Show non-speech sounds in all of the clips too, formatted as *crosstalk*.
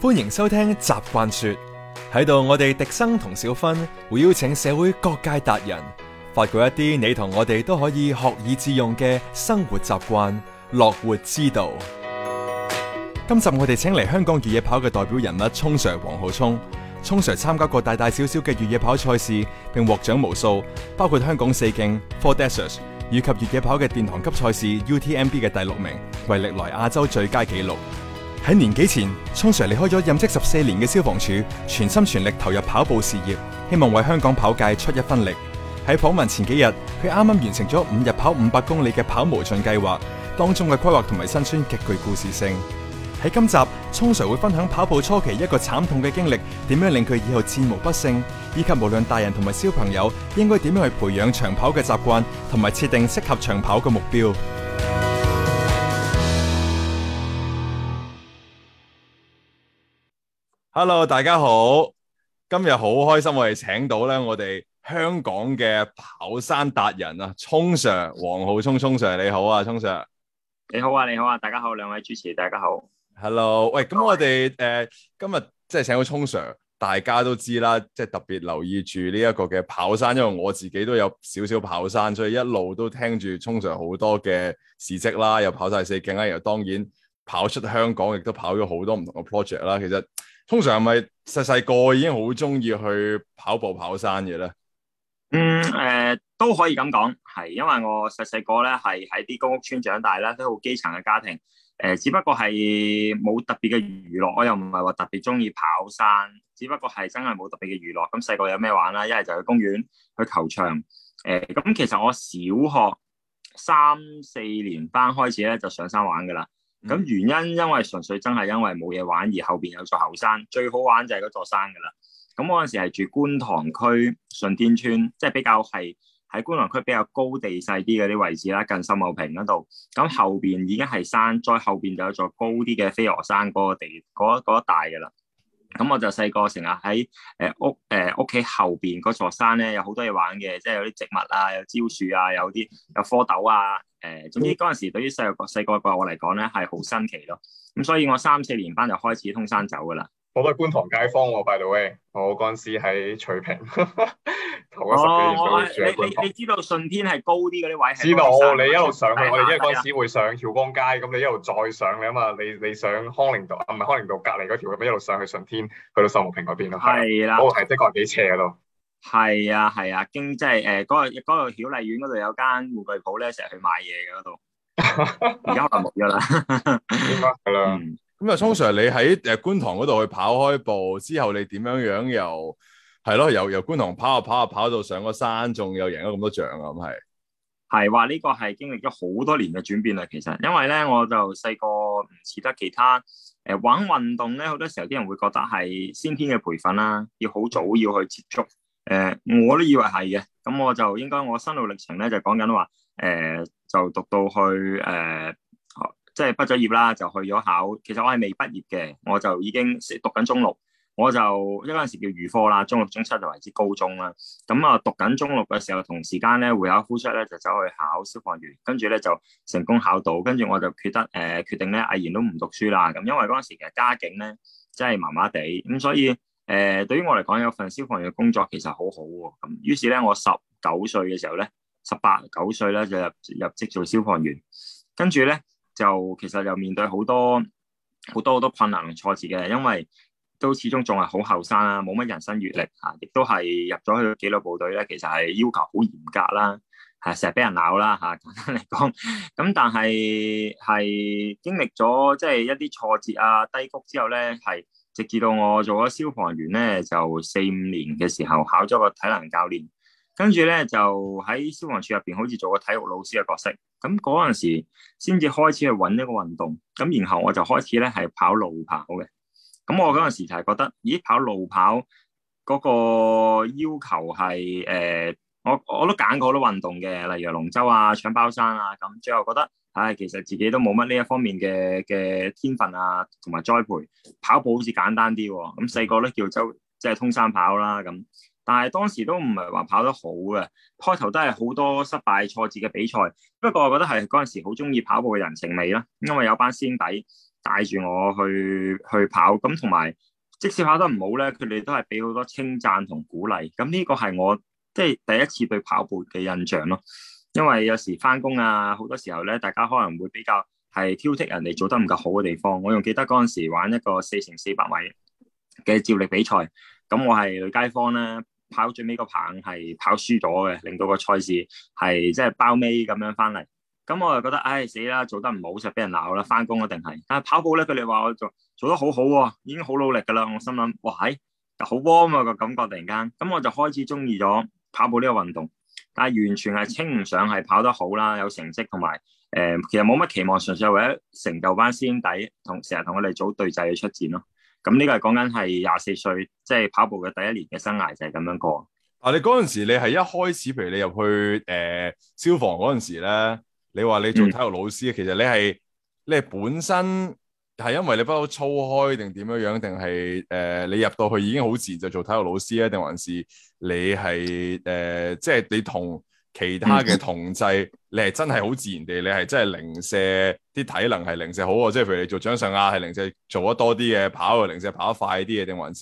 歡迎收聽習慣說，喺度我哋迪生同小芬會邀請社會各界達人，發掘一啲你同我哋都可以學以致用嘅生活習慣、樂活之道。今集我哋請嚟香港越野跑嘅代表人物聰 Sir 黃浩聰。聰 Sir 參加過大大小小嘅越野跑賽事，並獲獎無數，包括香港四徑 Four Deserts 以及越野跑嘅殿堂級賽事 UTMB 嘅第六名，為歷來亞洲最佳紀錄。喺年幾前，聰 Sir 離開咗任職十四年嘅消防處，全心全力投入跑步事業，希望為香港跑界出一分力。喺訪問前幾日，佢啱啱完成咗五日跑五百公里嘅跑無盡計劃，當中嘅規劃同埋辛酸極具故事性。喺今集，聰 Sir 會分享跑步初期一個慘痛嘅經歷，點樣令佢以後戰無不勝，以及無論大人同埋小朋友應該點樣去培養長跑嘅習慣同埋設定適合長跑嘅目標。Hello，大家好，今日好開心，我哋請到咧我哋香港嘅跑山達人啊，聰 sir 黃浩聰，聰 sir 你好啊，聰 sir 你好啊，你好啊，大家好，兩位主持大家好，Hello，Hello. 喂，咁我哋誒、呃、今日即係請到聰 sir，大家都知啦，即、就、係、是、特別留意住呢一個嘅跑山，因為我自己都有少少跑山，所以一路都聽住聰 sir 好多嘅事蹟啦，又跑晒四徑啦，又當然跑出香港，亦都跑咗好多唔同嘅 project 啦，其實。通常係咪細細個已經好中意去跑步跑山嘅咧？嗯，誒、呃、都可以咁講，係因為我細細個咧係喺啲公屋村長大啦，都好基層嘅家庭，誒、呃、只不過係冇特別嘅娛樂，我又唔係話特別中意跑山，只不過係真係冇特別嘅娛樂。咁細個有咩玩啦？一係就去公園、去球場，誒、呃、咁其實我小學三四年班開始咧就上山玩噶啦咁原因因為純粹真係因為冇嘢玩，而後邊有座後山，最好玩就係嗰座山噶啦。咁我嗰時係住觀塘區順天村，即係比較係喺觀塘區比較高地勢啲嗰啲位置啦，近深茂坪嗰度。咁後邊已經係山，再後邊就有座高啲嘅飛鵝山嗰個地嗰嗰一帶噶啦。那個那個咁我就細個成日喺誒屋、誒、呃、屋企、呃、後邊嗰座山咧，有好多嘢玩嘅，即係有啲植物啊，有蕉樹啊，有啲有蝌蚪啊，誒、呃，總之嗰陣時對於細個細個個我嚟講咧係好新奇咯。咁所以我三四年班就開始通山走噶啦。好多觀塘街坊喎、啊，拜到。喂！我嗰陣時喺翠屏，頭十幾年都住喺觀塘、哦、你，你知道順天係高啲嗰啲位知道，你一路上去，嗯、我哋因為嗰陣時會上曉光街，咁你一路再上你啊嘛，你你上康寧道啊，唔係康寧道隔離嗰條咁一路上去順天，去到秀茂坪嗰邊咯。係啦、啊，我係即係啲斜路。係啊係啊，經即係誒嗰度嗰個曉麗苑嗰度有間護具鋪咧，成日去買嘢嘅嗰度。而家可能冇咗啦。應該係啦。 *laughs* *laughs* 嗯咁啊，通常你喺誒觀塘嗰度去跑開步之後，你點樣樣又係咯？又由，由觀塘跑下、啊、跑下、啊、跑到上個山，仲又贏咗咁多獎。咁係係話呢個係經歷咗好多年嘅轉變啦。其實，因為咧，我就細個唔似得其他誒、呃、玩運動咧，好多時候啲人會覺得係先天嘅培訓啦、啊，要好早要去接觸。誒、呃，我都以為係嘅。咁我就應該我心路歷程咧，就講緊話誒，就讀到去誒。呃即係畢咗業啦，就去咗考。其實我係未畢業嘅，我就已經讀緊中六，我就因為嗰陣時叫預科啦，中六、中七就為之高中啦。咁啊，讀緊中六嘅時候，同時間咧會有呼出咧，就走去考消防員，跟住咧就成功考到。跟住我就覺得誒、呃、決定咧，毅然都唔讀書啦。咁因為嗰陣時其實家境咧真係麻麻地咁，所以誒、呃、對於我嚟講有份消防員嘅工作其實好好、哦、喎。咁於是咧，我十九歲嘅時候咧，十八九歲咧就入入職做消防員，跟住咧。就其實又面對好多好多好多困難挫折嘅，因為都始終仲係好後生啦，冇乜人生閱歷吓，亦、啊、都係入咗去紀律部隊咧，其實係要求好嚴格啦，係成日俾人鬧啦吓。簡單嚟講，咁、啊、但係係經歷咗即係一啲挫折啊低谷之後咧，係直至到我做咗消防員咧，就四五年嘅時候考咗個體能教練。跟住咧就喺消防處入邊，好似做個體育老師嘅角色。咁嗰陣時先至開始去揾一個運動。咁然後我就開始咧係跑路跑嘅。咁我嗰陣時就係覺得，咦，跑路跑嗰個要求係誒、呃，我我都揀過好多運動嘅，例如龍舟啊、搶包山啊。咁最後覺得，唉、哎，其實自己都冇乜呢一方面嘅嘅天分啊，同埋栽培跑步好似簡單啲、啊。咁細個咧叫做，即係通山跑啦、啊、咁。但係當時都唔係話跑得好嘅，開頭都係好多失敗挫折嘅比賽。不過我覺得係嗰陣時好中意跑步嘅人情味啦，因為有班師兄弟帶住我去去跑，咁同埋即使跑得唔好咧，佢哋都係俾好多稱讚同鼓勵。咁呢個係我即係、即係、第一次對跑步嘅印象咯。因為有時返工啊，好多時候咧，大家可能會比較係挑剔人哋做得唔夠好嘅地方。我仲記得嗰陣時玩一個四乘四百米嘅接力比賽，咁我係女街坊咧。跑最尾個棒係跑輸咗嘅，令到個賽事係即係包尾咁樣翻嚟。咁、嗯、我就覺得，唉死啦，做得唔好就俾人鬧啦，翻工一定係。但係跑步咧，佢哋話我做做得好好、啊、喎，已經好努力噶啦。我心諗，哇唉好 warm 啊、個感覺，突然間。咁、嗯、我就開始中意咗跑步呢個運動。但係完全係稱唔上係跑得好啦，有成績同埋誒，其實冇乜期望，純粹為咗成就班師兄弟，同成日同我哋組對陣去出戰咯。咁呢個係講緊係廿四歲，即係跑步嘅第一年嘅生涯就係咁樣過。啊！你嗰陣時你係一開始，譬如你入去誒消防嗰陣時咧，你話你做體育老師，嗯、其實你係你係本身係因為你不嬲操開定點樣樣，定係誒你入到去已經好自然就做體育老師咧，定還是你係誒即係你同？其他嘅同濟，你係真係好自然地，你係真係零舍啲體能係零舍好喎，即係譬如你做掌上壓係零舍做得多啲嘅，跑係零舍跑得快啲嘅，定還是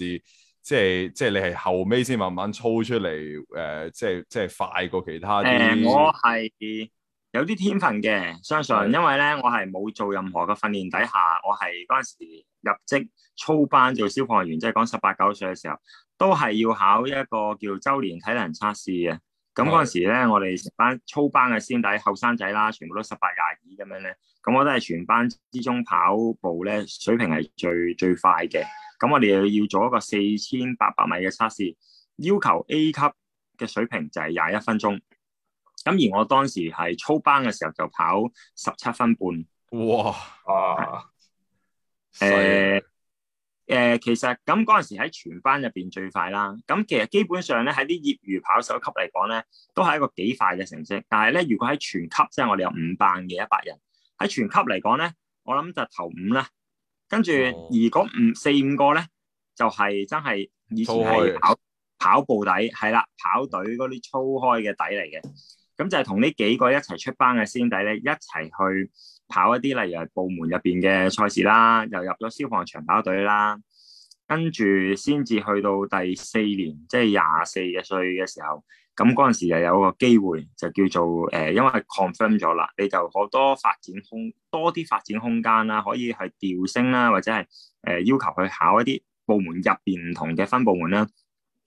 即係即係你係後尾先慢慢操出嚟誒、呃，即係即係快過其他啲、呃。我係有啲天分嘅，相信的因為咧，我係冇做任何嘅訓練底下，我係嗰陣時入職操班做消防員，即、就、係、是、講十八九歲嘅時候，都係要考一個叫周年體能測試嘅。咁嗰陣時咧，我哋成班操班嘅先底後生仔啦，全部都十八廿二咁樣咧。咁我都係全班之中跑步咧水平係最最快嘅。咁我哋又要做一個四千八百米嘅測試，要求 A 級嘅水平就係廿一分鐘。咁而我當時係操班嘅時候就跑十七分半。哇！啊！誒是～害誒、呃，其實咁嗰陣時喺全班入邊最快啦。咁其實基本上咧，喺啲業餘跑手級嚟講咧，都係一個幾快嘅成績。但係咧，如果喺全級，即係我哋有五班嘅一百人喺全級嚟講咧，我諗就頭五啦。跟住，如果五四五個咧，就係、是、真係以前係跑跑步底，係啦，跑隊嗰啲操開嘅底嚟嘅。咁就係同呢幾個一齊出班嘅師弟咧，一齊去跑一啲例如係部門入邊嘅賽事啦，又入咗消防長跑隊啦，跟住先至去到第四年，即係廿四嘅歲嘅時候，咁嗰陣時又有個機會，就叫做誒、呃，因為 confirm 咗啦，你就好多發展空多啲發展空間啦，可以係調升啦，或者係誒、呃、要求去考一啲部門入邊唔同嘅分部門啦。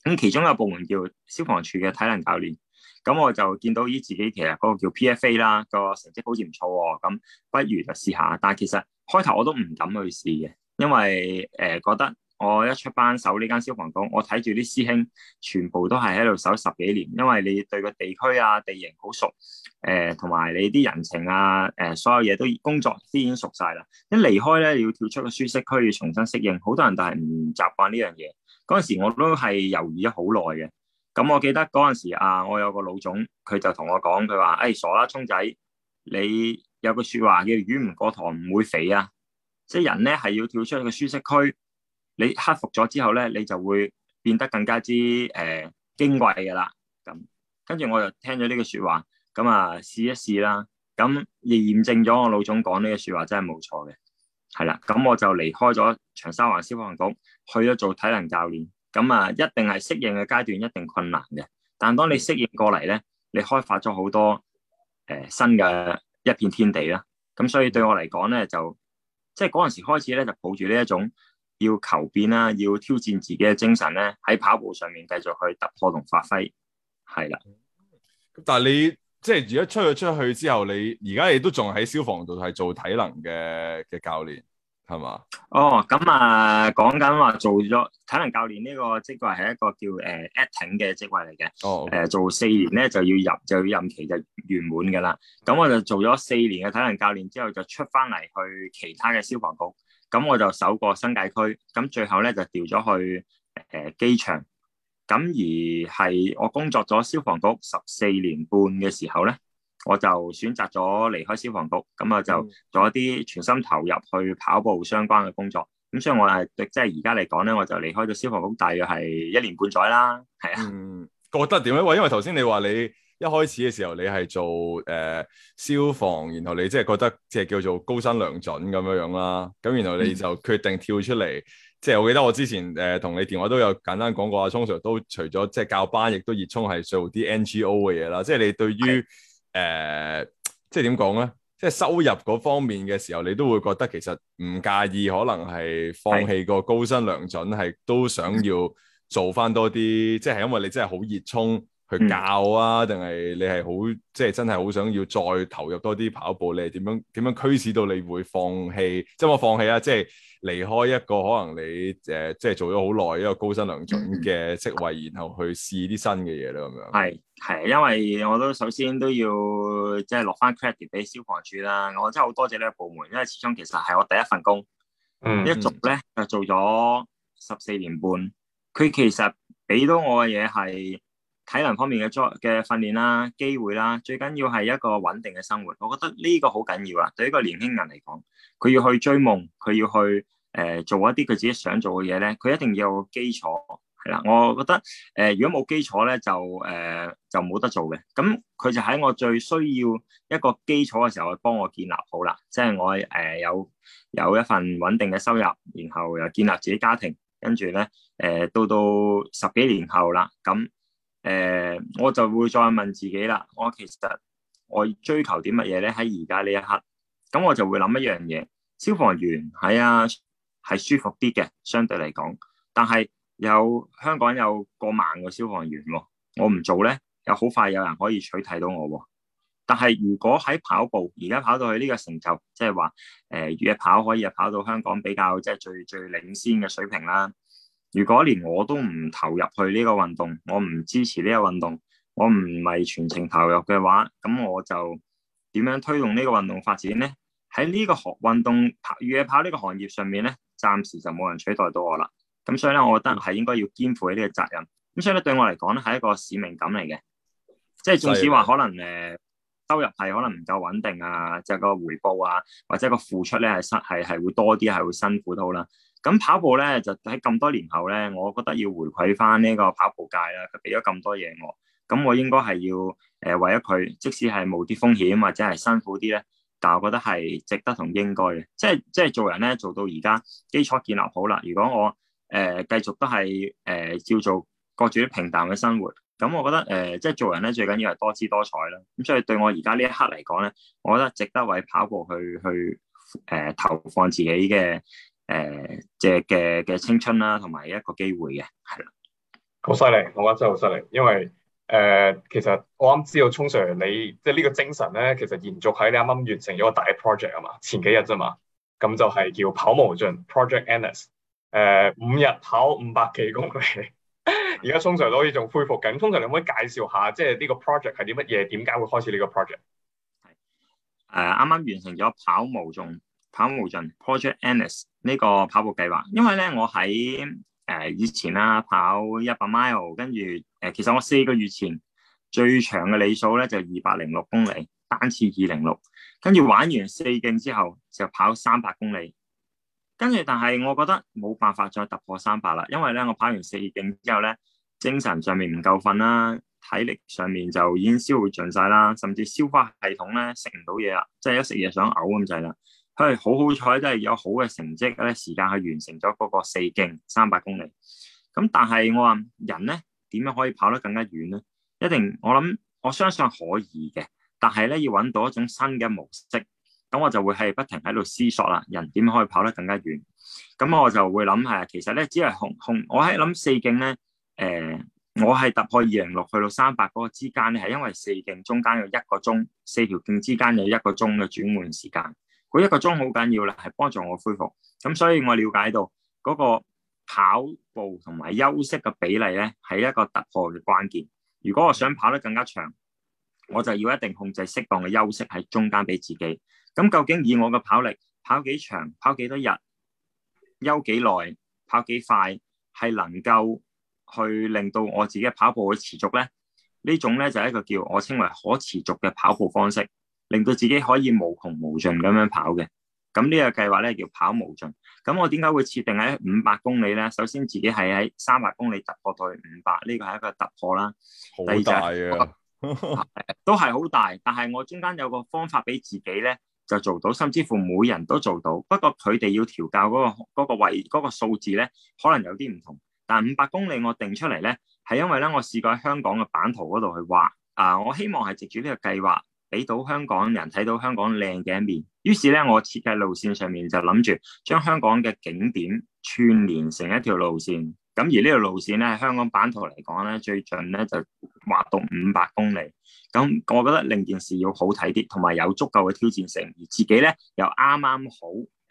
咁其中一個部門叫消防處嘅體能教練。咁我就見到依自己其實嗰個叫 PFA 啦，個成績好似唔錯喎，咁不如就試下。但係其實開頭我都唔敢去試嘅，因為誒、呃、覺得我一出班守呢間消防局，我睇住啲師兄全部都係喺度守十幾年，因為你對個地區啊，地形好熟，誒同埋你啲人情啊誒、呃、所有嘢都工作都已經熟晒啦。一離開咧要跳出個舒適區，要重新適應，好多人都係唔習慣呢樣嘢。嗰陣時我都係猶豫咗好耐嘅。咁我記得嗰陣時啊，我有個老總，佢就同我講，佢話：哎、欸，傻啦，聰仔，你有句說話叫魚唔過塘唔會肥啊，即係人咧係要跳出一個舒適區，你克服咗之後咧，你就會變得更加之誒矜貴噶啦。咁、呃，跟住、啊、我就聽咗呢句說話，咁啊試一試啦。咁亦驗證咗我老總講呢句說話真係冇錯嘅，係、啊、啦。咁我就離開咗長沙灣消防局，去咗做體能教練。咁啊，一定係適應嘅階段，一定困難嘅。但係當你適應過嚟咧，你開發咗好多誒、呃、新嘅一片天地啦。咁所以對我嚟講咧，就即係嗰陣時開始咧，就抱住呢一種要求變啦，要挑戰自己嘅精神咧，喺跑步上面繼續去突破同發揮，係啦。但係你即係如果出咗出去之後，你而家亦都仲喺消防度係做體能嘅嘅教練。係嘛？哦，咁、oh, 啊，講緊話做咗體能教練呢個職位係一個叫誒、呃、acting 嘅職位嚟嘅。哦。誒，做四年咧就要入就要任期就完滿噶啦。咁我就做咗四年嘅體能教練之後，就出翻嚟去其他嘅消防局。咁我就守個新界區。咁最後咧就調咗去誒機、呃、場。咁而係我工作咗消防局十四年半嘅時候咧。我就選擇咗離開消防局，咁啊就做一啲全心投入去跑步相關嘅工作，咁所以我係即係而家嚟講咧，我就離開咗消防局，大約係一年半載啦，係啊。嗯，覺得點樣？喂，因為頭先你話你一開始嘅時候你係做誒、呃、消防，然後你即係覺得即係、就是、叫做高薪糧準咁樣樣啦，咁然後你就決定跳出嚟，即係、嗯、我記得我之前誒同、呃、你電話都有簡單講過啊，聰 Sir 都除咗即係教班，亦都熱衷係做啲 N G O 嘅嘢啦，即、就、係、是、你對於。誒、呃，即係點講咧？即係收入嗰方面嘅時候，你都會覺得其實唔介意，可能係放棄個高薪良準，係是都想要做翻多啲。是即係因為你真係好熱衷去教啊，定係、嗯、你係好，即係真係好想要再投入多啲跑步。你係點樣點樣驅使到你會放棄？即係我放棄啊，即係。離開一個可能你誒、呃，即係做咗好耐一個高薪良準嘅職位，然後去試啲新嘅嘢咧，咁樣係係，因為我都首先都要即係落翻 credit 俾消防處啦。我真係好多謝呢個部門，因為始終其實係我第一份工，嗯、一做咧就做咗十四年半。佢其實俾到我嘅嘢係。體能方面嘅作嘅訓練啦，機會啦，最緊要係一個穩定嘅生活。我覺得呢個好緊要啦。對於一個年輕人嚟講，佢要去追夢，佢要去誒、呃、做一啲佢自己想做嘅嘢咧，佢一定要有個基礎，係啦。我覺得誒、呃，如果冇基礎咧，就誒、呃、就冇得做嘅。咁佢就喺我最需要一個基礎嘅時候去幫我建立好啦，即係我誒、呃、有有一份穩定嘅收入，然後又建立自己家庭，跟住咧誒到到十幾年後啦，咁。誒、呃，我就會再問自己啦，我其實我追求啲乜嘢咧？喺而家呢一刻，咁我就會諗一樣嘢，消防員係啊，係舒服啲嘅，相對嚟講。但係有香港有過萬個消防員，我唔做咧，有好快有人可以取替到我。但係如果喺跑步，而家跑到去呢個成就，即係話，誒、呃，越跑可以跑到香港比較即係、就是、最最領先嘅水平啦。如果連我都唔投入去呢個運動，我唔支持呢個運動，我唔係全程投入嘅話，咁我就點樣推動呢個運動發展咧？喺呢個行運動越野跑呢個行業上面咧，暫時就冇人取代到我啦。咁所以咧，我覺得係應該要肩負呢個責任。咁所以咧，對我嚟講咧，係一個使命感嚟嘅。即係縱使話的可能誒，收入係可能唔夠穩定啊，就個回報啊，或者個付出咧係辛係係會多啲，係會辛苦到啦。咁跑步咧，就喺咁多年後咧，我覺得要回饋翻呢個跑步界啦，佢俾咗咁多嘢我，咁我應該係要誒、呃、為咗佢，即使係冇啲風險或者係辛苦啲咧，但我覺得係值得同應該嘅。即係即係做人咧，做到而家基礎建立好啦。如果我誒、呃、繼續都係誒、呃、叫做過住啲平淡嘅生活，咁我覺得誒、呃、即係做人咧，最緊要係多姿多彩啦。咁所以對我而家呢一刻嚟講咧，我覺得值得為跑步去去誒、呃、投放自己嘅。誒、嘅嘅嘅青春啦，啊，同埋一個機會嘅，啊，係啦，好犀利，我覺得真係好犀利，因為誒、呃，其實我啱知道聰 sir 你即係呢個精神咧，其實延續喺你啱啱完成咗個大 project 啊嘛，前幾日啫嘛，咁就係叫跑無盡 Project Endless，誒、呃，五日跑五百幾公里，而家聰 sir 都可以仲恢復緊。通常你可唔可以介紹下，即係呢個 project 係啲乜嘢？點解會開始呢個 project？誒、呃，啱啱完成咗跑無盡。跑無盡 Project Endless 呢個跑步計劃，因為咧我喺誒、呃、以前啦、啊、跑一百 mile 跟住，誒、呃、其實我四個月前最長嘅里數咧就二百零六公里單次二零六，跟住玩完四徑之後就跑三百公里，跟住但係我覺得冇辦法再突破三百啦，因為咧我跑完四徑之後咧精神上面唔夠瞓啦，體力上面就已經消耗盡晒啦，甚至消化系統咧食唔到嘢啦，即係一食嘢想嘔咁滯啦。佢係好好彩，都係有好嘅成績咧。時間去完成咗嗰個四徑三百公里。咁但係我話人咧點樣可以跑得更加遠咧？一定我諗我相信可以嘅，但係咧要搵到一種新嘅模式。咁我就會係不停喺度思索啦。人點樣可以跑得更加遠？咁我就會諗係其實咧，只係控控我喺諗四徑咧。誒，我係、呃、突破二零六去到三百嗰個之間咧，係因為四徑中間有一個鐘，四條徑之間有一個鐘嘅轉換時間。佢一個鐘好緊要啦，係幫助我恢復。咁所以我了解到嗰個跑步同埋休息嘅比例咧，係一個突破嘅關鍵。如果我想跑得更加長，我就要一定控制適當嘅休息喺中間俾自己。咁究竟以我嘅跑力，跑幾長，跑幾多日，休幾耐，跑幾快，係能夠去令到我自己跑步會持續咧？呢種咧就係一個叫我稱為可持續嘅跑步方式。令到自己可以無窮無盡咁樣跑嘅。咁呢個計劃咧叫跑無盡。咁我點解會設定喺五百公里咧？首先自己係喺三百公里突破到去五百，呢個係一個突破啦。好大嘅， *laughs* 都係好大。但係我中間有個方法俾自己咧，就做到，甚至乎每人都做到。不過佢哋要調教嗰個、嗰個位、嗰個數字咧，可能有啲唔同。但五百公里我定出嚟咧，係因為咧我試過喺香港嘅版圖嗰度去畫啊，我希望係藉住呢個計劃。俾到香港人睇到香港靚嘅一面，於是咧，我設計路線上面就諗住將香港嘅景點串連成一條路線。咁而呢條路線咧，香港版圖嚟講咧，最盡咧就劃到五百公里。咁我覺得另一件事要好睇啲，同埋有足夠嘅挑戰性，而自己咧又啱啱好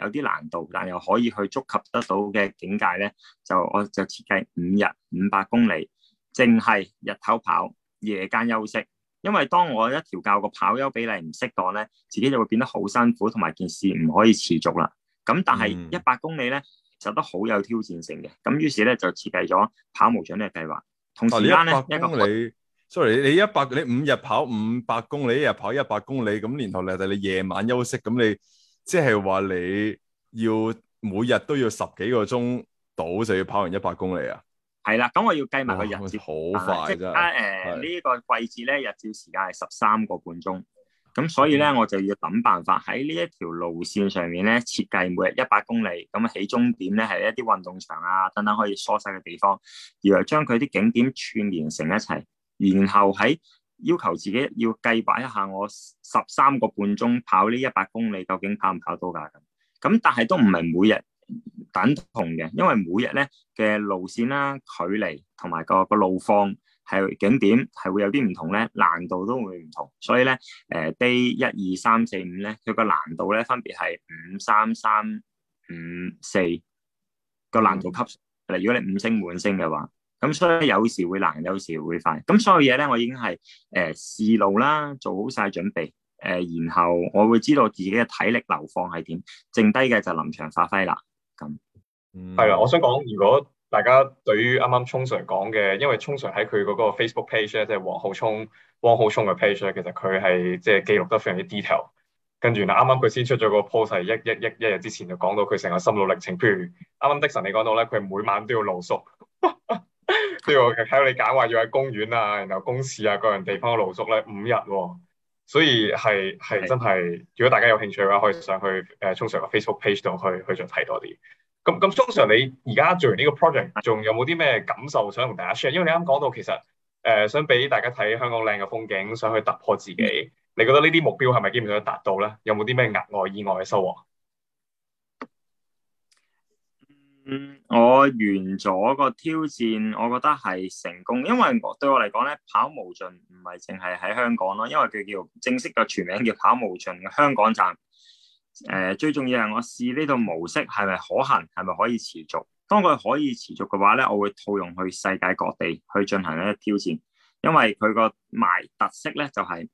有啲難度，但又可以去觸及得到嘅境界咧，就我就設計五日五百公里，淨係日頭跑，夜間休息。因為當我一調教個跑休比例唔適當咧，自己就會變得好辛苦，同埋件事唔可以持續啦。咁但係一百公里咧，其實都好有挑戰性嘅。咁於是咧就設計咗跑無盡呢個計劃。同時間咧，一百公里，sorry，你一百你五日跑五百公里，一 Sorry，你100，你日跑一百公里，咁連同嚟計你夜晚休息，咁你即係話你要每日都要十幾個鐘到就要跑完一百公里啊？係啦，咁我要計埋個日子好快。誒呢、呃、的個季節咧，日照時間係十三個半鐘，咁所以咧我就要諗辦法喺呢一條路線上面咧設計每日一百公里，咁起終點咧係一啲運動場啊等等可以疏散嘅地方，然後將佢啲景點串連成一齊，然後喺要求自己要計劃一下，我十三個半鐘跑呢一百公里，究竟跑唔跑到㗎咁？咁但係都唔係每日。等同嘅，因為每日咧嘅路線啦、距離同埋個個路況係景點係會有啲唔同咧，難度都會唔同，所以咧誒 day 一二三四五咧，佢、呃、個難度咧分別係五三三五四個難度級。如果你五星滿星嘅話，咁所以有時會難，有時會快。咁所有嘢咧，我已經係誒、呃、試路啦，做好晒準備誒、呃，然後我會知道自己嘅體力流放係點，剩低嘅就臨場發揮啦。咁，係啦、嗯，我想講，如果大家對於啱啱聰 Sir 講嘅，因為聰 Sir 喺佢嗰個 Facebook page 咧，即係黃浩聰、汪浩聰嘅 page 咧，其實佢係即係記錄得非常之 detail。跟住，嗱，啱啱佢先出咗個 post，一一一一日之前就講到佢成個心路歷程，譬如啱啱迪神你講到咧，佢每晚都要露宿，譬如我睇到你揀話要喺公園啊、，然後公廁啊，各樣地方露宿咧，五日、哦。所以係係真係，如果大家有興趣嘅話，可以上去誒聰 Sir、呃、嘅 Facebook page 度去去再睇多啲。咁咁，聰 Sir 你而家做完呢個 project，仲有冇啲咩感受想同大家 share？因為你啱講到其實誒、呃，想俾大家睇香港靚嘅風景，想去突破自己。你覺得呢啲目標係咪基本上達到咧？有冇啲咩額外意外嘅收穫？嗯，我完咗個挑戰，我覺得係成功，因為我對我嚟講咧，跑無盡唔係淨係喺香港咯，因為佢叫正式嘅全名叫跑無盡嘅香港站。誒、呃，最重要係我試呢套模式係咪可行，係咪可以持續。當佢可以持續嘅話咧，我會套用去世界各地去進行一啲挑戰。因為佢個賣的特色咧就係、是、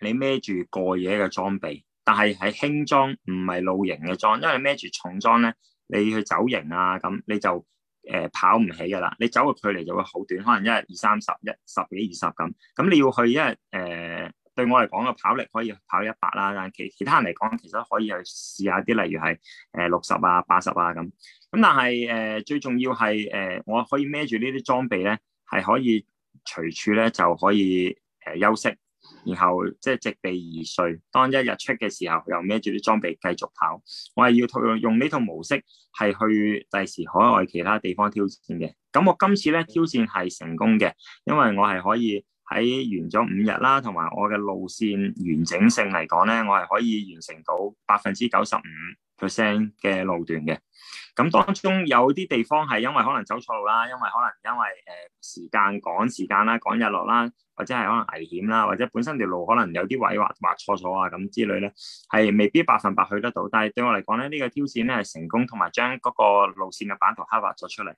你孭住過夜嘅裝備，但係係輕裝，唔係露營嘅裝，因為孭住重裝咧。你去走營啊，咁你就誒、呃、跑唔起噶啦，你走嘅距離就會好短，可能一日二三十，一十幾二十咁。咁你要去，一日，誒、呃、對我嚟講嘅跑力可以跑一百啦，但係其其他人嚟講，其實可以去試一下啲，例如係誒六十啊、八十啊咁。咁但係誒、呃、最重要係誒、呃、我可以孭住呢啲裝備咧，係可以隨處咧就可以誒、呃、休息。然後即係直臂而睡，當一日出嘅時候，又孭住啲裝備繼續跑。我係要套用用呢套模式，係去第時海外其他地方挑戰嘅。咁我今次咧挑戰係成功嘅，因為我係可以喺完咗五日啦，同埋我嘅路線完整性嚟講咧，我係可以完成到百分之九十五 percent 嘅路段嘅，咁當中有啲地方係因為可能走錯路啦，因為可能因為誒時間趕時間啦，趕日落啦，或者係可能危險啦，或者本身條路可能有啲位滑滑錯咗啊，咁之類咧，係未必百分百去得到。但係對我嚟講咧，呢個挑戰咧係成功，同埋將嗰個路線嘅版圖刻畫咗出嚟。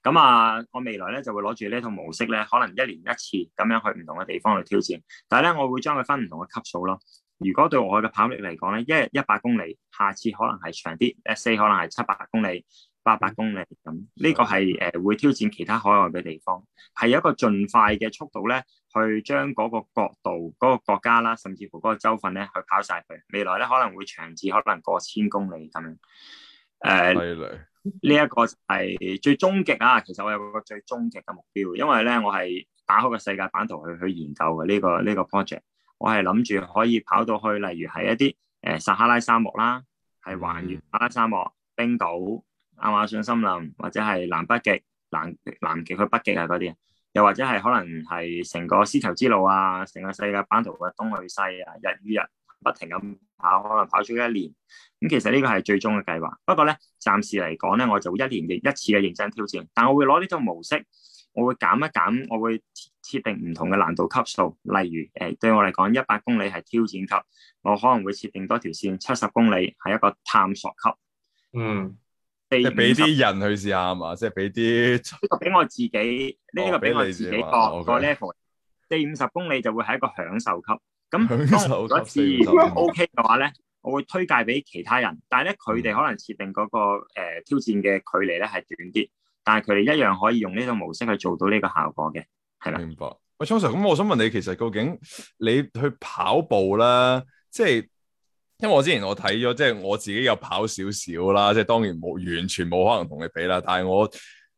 咁啊，我未來咧就會攞住呢套模式咧，可能一年一次咁樣去唔同嘅地方去挑戰，但係咧我會將佢分唔同嘅級數咯。如果對我嘅跑力嚟講咧，一日一百公里，下次可能係長啲，誒四 *music* 可能係七百公里、八百公里咁，呢個係誒、 *music* 呃、會挑戰其他海外嘅地方，係有一個盡快嘅速度咧，去將嗰個國度、嗰、嗰個國家啦，甚至乎嗰個州份咧去跑曬佢。未來咧可能會長至可能過千公里咁。誒，呢、呃、一 *music* 個係最終極啊！其實我有個最終極嘅目標，因為咧我係打開個世界版圖去去研究嘅呢、呢個呢、呢個 project。呢個 pro 我係諗住可以跑到去，例如係一啲誒撒哈拉沙漠啦，係橫越撒哈拉沙漠、冰島、亞馬遜森林，或者係南北極、南南極去北極啊嗰啲，又或者係可能係成個絲綢之路啊，成個世界版圖嘅東去西啊，日與日不停咁跑，可能跑咗一年。咁、嗯、其實呢個係最終嘅計劃。不過咧，暫時嚟講咧，我就一年嘅一次嘅認真挑戰，但我會攞呢種模式。我會減一減，我會設定唔同嘅難度級數。例如，誒，對我嚟講，一百公里係挑戰級，我可能會設定多條線，七十公里係一個探索級。嗯，即係俾啲人去試下啊嘛，即係俾啲。呢個俾我自己，呢、哦、個俾我自己個個 level。四五十公里就會係一個享受級。咁受如果試完 OK 嘅話咧，我會推介俾其他人。但係咧，佢哋可能設定嗰、那個誒、呃、挑戰嘅距離咧係短啲。但係佢哋一樣可以用呢個模式去做到呢個效果嘅，係咪？明白。喂，聰 Sir，咁我想問你，其實究竟你去跑步啦？即係因為我之前我睇咗，即係我自己有跑少少啦，即係當然冇完全冇可能同你比啦。但係我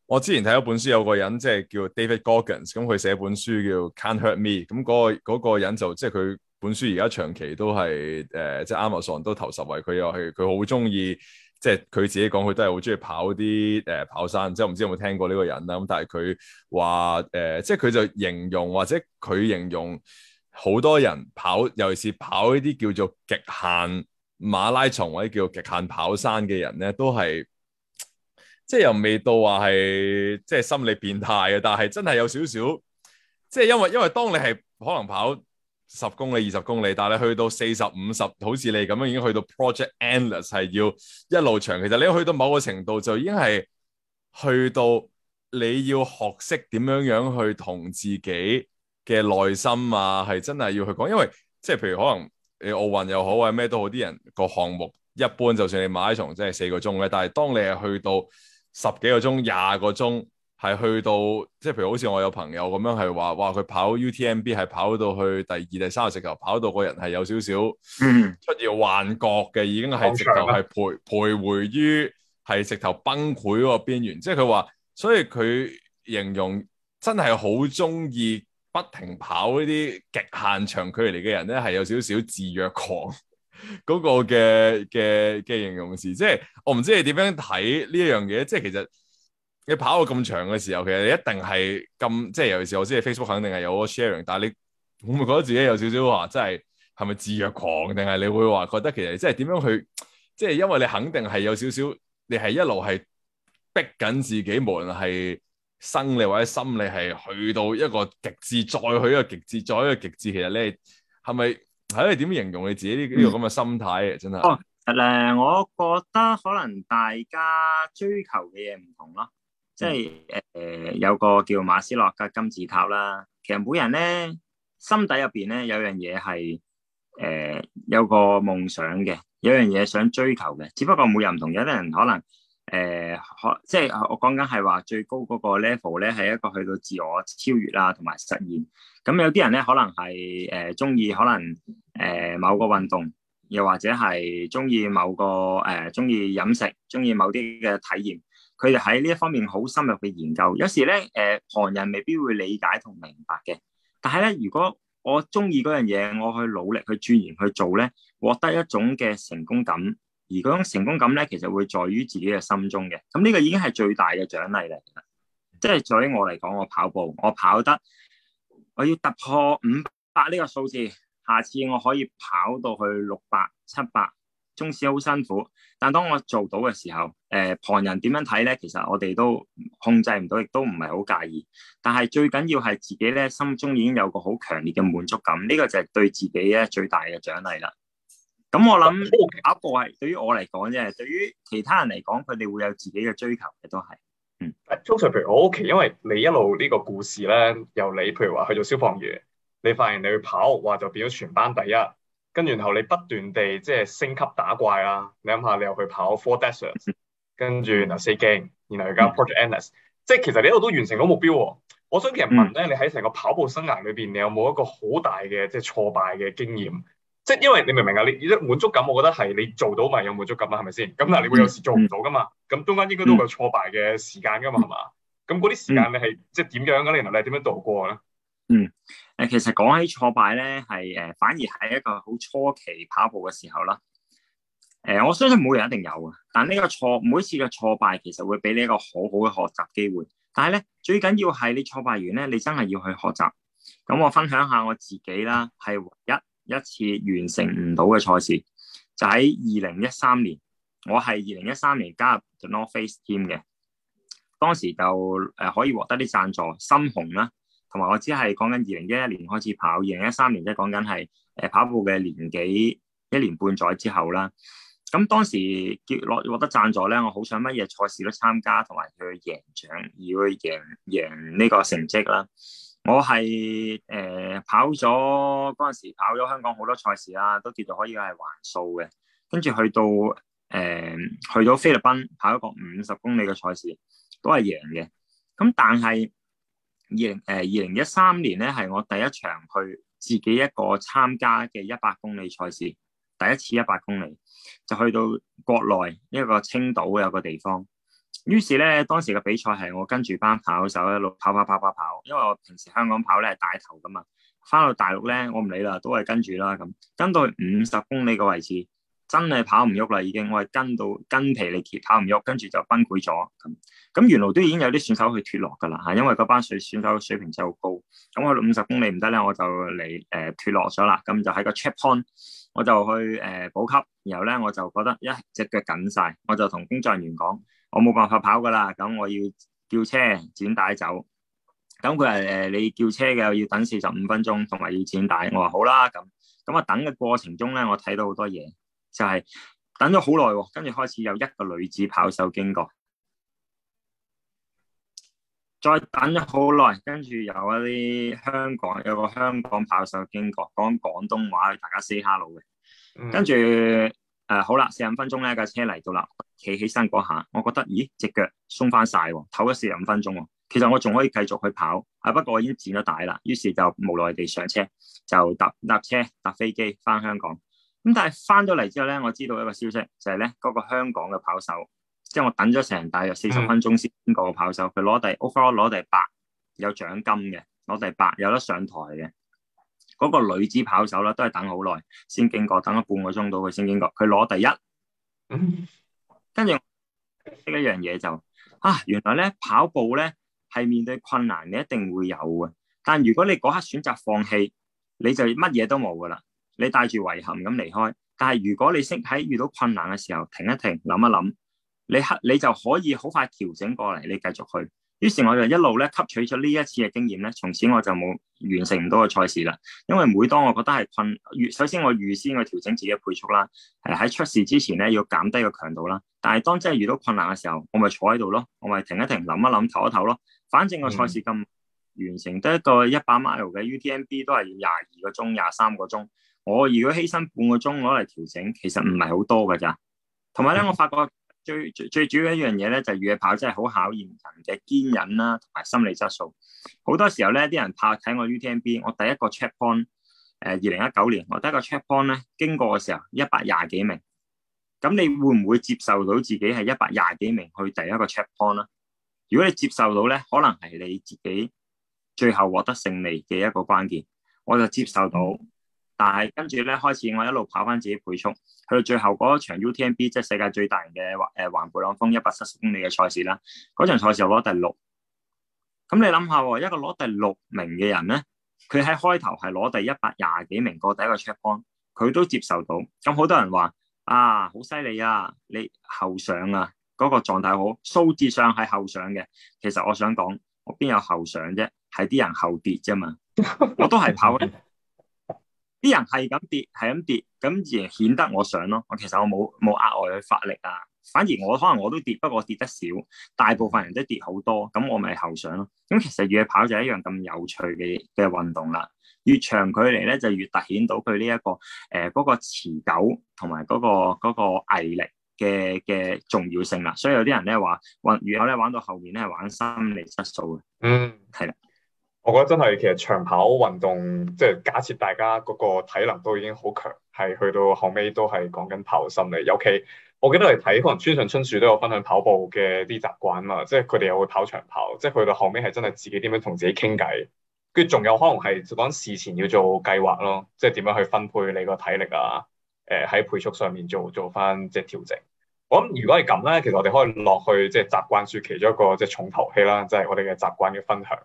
我之前睇咗本書，有個人即係叫 David Goggins，咁、嗯、佢寫本書叫 Can't Hurt Me、嗯。咁、那、嗰、個那個人就即係佢本書而家長期都係誒、呃，即係 Amazon 都頭十位，佢又係佢好中意。即係佢自己講，佢都係好中意跑啲誒、呃、跑山。即係我唔知有冇聽過呢個人啦。咁但係佢話誒，即係佢就形容或者佢形容好多人跑，尤其是跑呢啲叫做極限馬拉松或者叫做極限跑山嘅人咧，都係即係又未到話係即係心理變態呀，但係真係有少少，即係因為因為當你係可能跑，十公里、二十公里，但係你去到四十五十，好似你咁樣已經去到 project endless，係要一路長。其實你去到某個程度，就已經係去到你要學識點樣樣去同自己嘅內心啊，係真係要去講。因為即係譬如可能你奧運又好啊，或者咩都好，啲人個項目一般，就算你馬拉松即係四個鐘咧，但係當你係去到十幾個鐘、廿個鐘。係去到即係，譬如好似我有朋友咁樣，係話哇，佢跑 UTMB 係跑到去第二、第三個石球，跑到個人係有少少 *coughs* 出現幻覺嘅，已經係直頭係徘徘徊於係直頭崩潰嗰個邊緣。即係佢話，所以佢形容真係好中意不停跑呢啲極限長距離嚟嘅人咧，係有少少自虐狂嗰個嘅嘅嘅形容詞。即係我唔知你點樣睇呢一樣嘢，即係其實。你跑到咁長嘅時候，其實你一定係咁，即係尤其是我知 Facebook 肯定係有個 sharing，但係你會唔會覺得自己有少少話，即係係咪自虐狂，定係你會話覺得其實即係點樣去，即係因為你肯定係有少少，你係一路係逼緊自己，無論係生理或者心理係去到一個極致，再去一個極致，再去一個極致，其實你係咪係你點形容你自己呢，呢個？呢、嗯、個咁嘅心態啊，真係哦，誒，我覺得可能大家追求嘅嘢唔同咯。即係誒、呃、有個叫馬斯洛嘅金字塔啦，其實每人咧心底入邊咧有樣嘢係誒有個夢想嘅，有樣嘢想追求嘅。只不過每人唔同，有啲人可能誒可、呃、即係我講緊係話最高嗰個 level 咧係一個去到自我超越啦，同埋實現。咁有啲人咧可能係誒中意可能誒、呃、某個運動，又或者係中意某個誒中意飲食，中意某啲嘅體驗。佢哋喺呢一方面好深入嘅研究，有時咧，誒、呃，旁人未必會理解同明白嘅。但係咧，如果我中意嗰樣嘢，我去努力去鑽研去做咧，獲得一種嘅成功感，而嗰種成功感咧，其實會在於自己嘅心中嘅。咁呢個已經係最大嘅獎勵嚟嘅啦，即係在於我嚟講，我跑步，我跑得，我要突破五百呢個數字，下次我可以跑到去六百、七百。中史好辛苦，但當我做到嘅時候，誒、呃、旁人點樣睇咧？其實我哋都控制唔到，亦都唔係好介意。但係最緊要係自己咧，心中已經有個好強烈嘅滿足感，呢、這個就係對自己咧最大嘅獎勵啦。咁、嗯、我諗，跑步係對於我嚟講即係，對於其他人嚟講，佢哋會有自己嘅追求嘅，都係。嗯，通常譬如我屋企，因為你一路呢個故事咧，由你譬如話去做消防員，你發現你去跑，話就變咗全班第一。跟住然後你不斷地即係升級打怪啊！你諗下，你又去跑 Four Deserts，跟住嗱四 game，然後而家 Project Endless 即係其實你都都完成咗目標喎、啊。我想其實問咧，嗯、你喺成個跑步生涯裏邊，你有冇一個好大嘅即係挫敗嘅經驗？即係因為你明唔明啊？你即係滿足感，我覺得係你做到咪有滿足感啊？係咪先？咁嗱，你會有時做唔到噶嘛？咁中間應該都有挫敗嘅時間噶嘛？係嘛、嗯？咁嗰啲時間你係、嗯、即係點樣噶？你你又點樣度過咧？嗯，誒，其實講起挫敗咧，係誒、呃，反而係一個好初期跑步嘅時候啦。誒、呃，我相信每人一定有嘅，但呢個挫每一次嘅挫敗，其實會俾你一個好好嘅學習機會。但係咧，最緊要係你挫敗完咧，你真係要去學習。咁我分享下我自己啦，係唯一一次完成唔到嘅賽事，就喺二零一三年，我係二零一三年加入 The North Face Team 嘅，當時就誒、呃、可以獲得啲贊助，深紅啦。同埋我只係講緊二零一一年開始跑，二零一三年即係講緊係誒跑步嘅年紀一年半載之後啦。咁當時結落獲得贊助咧，我好想乜嘢賽事都參加，同埋去贏獎，而去贏贏呢個成績啦。我係誒跑咗嗰陣時，跑咗香港好多賽事啦，都叫做可以係橫掃嘅。跟住去到誒、呃、去到菲律賓跑一個五十公里嘅賽事，都係贏嘅。咁但係，二零誒、二零一三年咧，係我第一場去自己一個參加嘅一百公里賽事，第一次一百公里就去到國內一個青島有個地方。於是咧，當時嘅比賽係我跟住班跑手一路跑跑跑跑跑，因為我平時香港跑咧係帶頭噶嘛。翻到大陸咧，我唔理啦，都係跟住啦咁，跟到五十公里個位置。真係跑唔喐啦，已經我係跟到筋疲力竭，跑唔喐，跟住就崩潰咗。咁咁原路都已經有啲選手去脱落㗎啦，嚇，因為嗰班選選手水平真係好高。咁我五十公里唔得咧，我就嚟誒脱落咗啦。咁就喺個 checkpoint，我就去誒、呃、補給。然後咧，我就覺得一隻腳緊晒，我就同工作人員講：我冇辦法跑㗎啦，咁我要叫車剪帶走。咁佢話誒你叫車嘅要等四十五分鐘，同埋要剪帶。我話好啦，咁咁啊等嘅過程中咧，我睇到好多嘢。就係等咗好耐，跟住開始有一個女子跑手經過，再等咗好耐，跟住有一啲香港，有個香港跑手經過，講廣東話，大家 say hello 嘅。跟住誒好啦，四十五分鐘咧，架車嚟到啦，企起身嗰下，我覺得咦，隻腳鬆翻曬，唞咗四十五分鐘，其實我仲可以繼續去跑，啊不過我已經剪咗帶啦，於是就無奈地上車，就搭搭車搭飛機翻香港。咁但係返咗嚟之後咧，我知道一個消息就係、是、咧，嗰、那個香港嘅跑手，即係我等咗成大約四十分鐘先經過個跑手，佢攞第 overall 攞第八，有獎金嘅，攞第八有得上台嘅。嗰、那個女子跑手咧都係等好耐先經過，等咗半個鐘到佢先經過，佢攞第一。跟住識一樣嘢就啊，原來咧跑步咧係面對困難你一定會有嘅，但如果你嗰刻選擇放棄，你就乜嘢都冇㗎喇。你帶住遺憾咁離開，但係如果你識喺遇到困難嘅時候停一停，諗一諗，你黑你就可以好快調整過嚟，你繼續去。於是我就一路咧吸取咗呢一次嘅經驗咧，從此我就冇完成唔到個賽事啦。因為每當我覺得係困，預首先我預先去調整自己嘅配速啦，誒、呃、喺出事之前咧要減低個強度啦。但係當真係遇到困難嘅時候，我咪坐喺度咯，我咪停一停，諗一諗，唞一唞咯。反正個賽事咁、嗯、完成得一個一百 mile 嘅 UTMB 都係要廿二個鐘、廿三個鐘。我如果犧牲半個鐘攞嚟調整，其實唔係好多噶咋。同埋咧，我發覺最最，最主要一樣嘢咧，就係、越野跑真係好考驗人嘅堅忍啦、啊，同埋心理質素。好多時候咧，啲人怕睇我 U T M B。我第一個 check point 誒，二零一九年我第一個 check point 咧，經過嘅時候一百廿幾名。咁你會唔會接受到自己係一百廿幾名去第一個 check point 咧？如果你接受到咧，可能係你自己最後獲得勝利嘅一個關鍵。我就接受到、嗯。但係跟住咧，開始我一路跑翻自己配速，去到最後嗰場 UTMB 即係世界最大型嘅誒環勃朗峰一百七十公里嘅賽事啦。嗰場賽事我攞第六，咁你諗下，一個攞第六名嘅人咧，佢喺開頭係攞第一百廿幾名過第一個 check point 佢都接受到。咁好多人話啊，好犀利啊，你後上啊，嗰、嗰個狀態好，數字上係後上嘅。其實我想講，我邊有後上啫，係啲人後跌啫嘛，我都係跑。 *laughs* 啲人係咁跌，係咁跌，咁而顯得我上咯。我其實我冇冇額外去發力啊，反而我可能我都跌，不過跌得少。大部分人都跌好多，咁我咪後上咯。咁其實越野跑就係一樣咁有趣嘅嘅運動啦。越長距離咧，就越凸顯到佢呢一個誒嗰個、呃嗰個、持久同埋嗰個嗰個毅力嘅嘅重要性啦。所以有啲人咧話，運越野咧，玩到後面咧，玩心理質素嘅，嗯，係啦。我覺得真係，其實長跑運動，即係假設大家嗰個體能都已經好強，係去到後尾都係講緊跑心理。尤其我記得你睇，可能村上春樹都有分享跑步嘅啲習慣啊，即係佢哋又會跑長跑，即係去到後尾係真係自己點樣同自己傾偈，跟住仲有可能係講事前要做計劃咯，即係點樣去分配你個體力啊，誒喺配速上面做做翻即係調整。我諗如果係咁咧，其實我哋可以落去即係習慣說其中一個即係重頭戲啦，就係我哋嘅習慣嘅分享。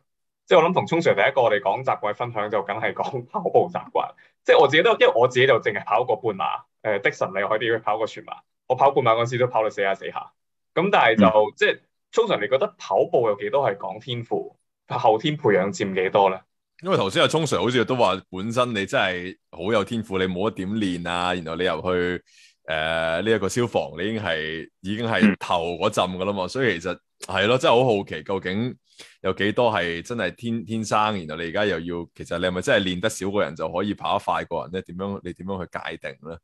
即係我諗同聰 Sir 第一個我哋講習慣分享就梗係講跑步習慣。即係我自己都有，因為我自己就淨係跑過半馬，誒廸生你可以跑過全馬。我跑半馬嗰時都跑到死下死下。咁但係就、嗯、即係聰 Sir，你覺得跑步有幾多係講天賦，後天培養佔幾多咧？因為頭先阿聰 Sir 好似都話本身你真係好有天賦，你冇得點練啊，然後你入去誒呢一個消防，你已經係已經係頭嗰浸㗎喇嘛。嗯、所以其實係咯，真係好好奇究竟。有幾多係真係天天生？然後你而家又要，其實你係咪真係練得少個人就可以跑得快個人咧？點樣你點樣去界定咧？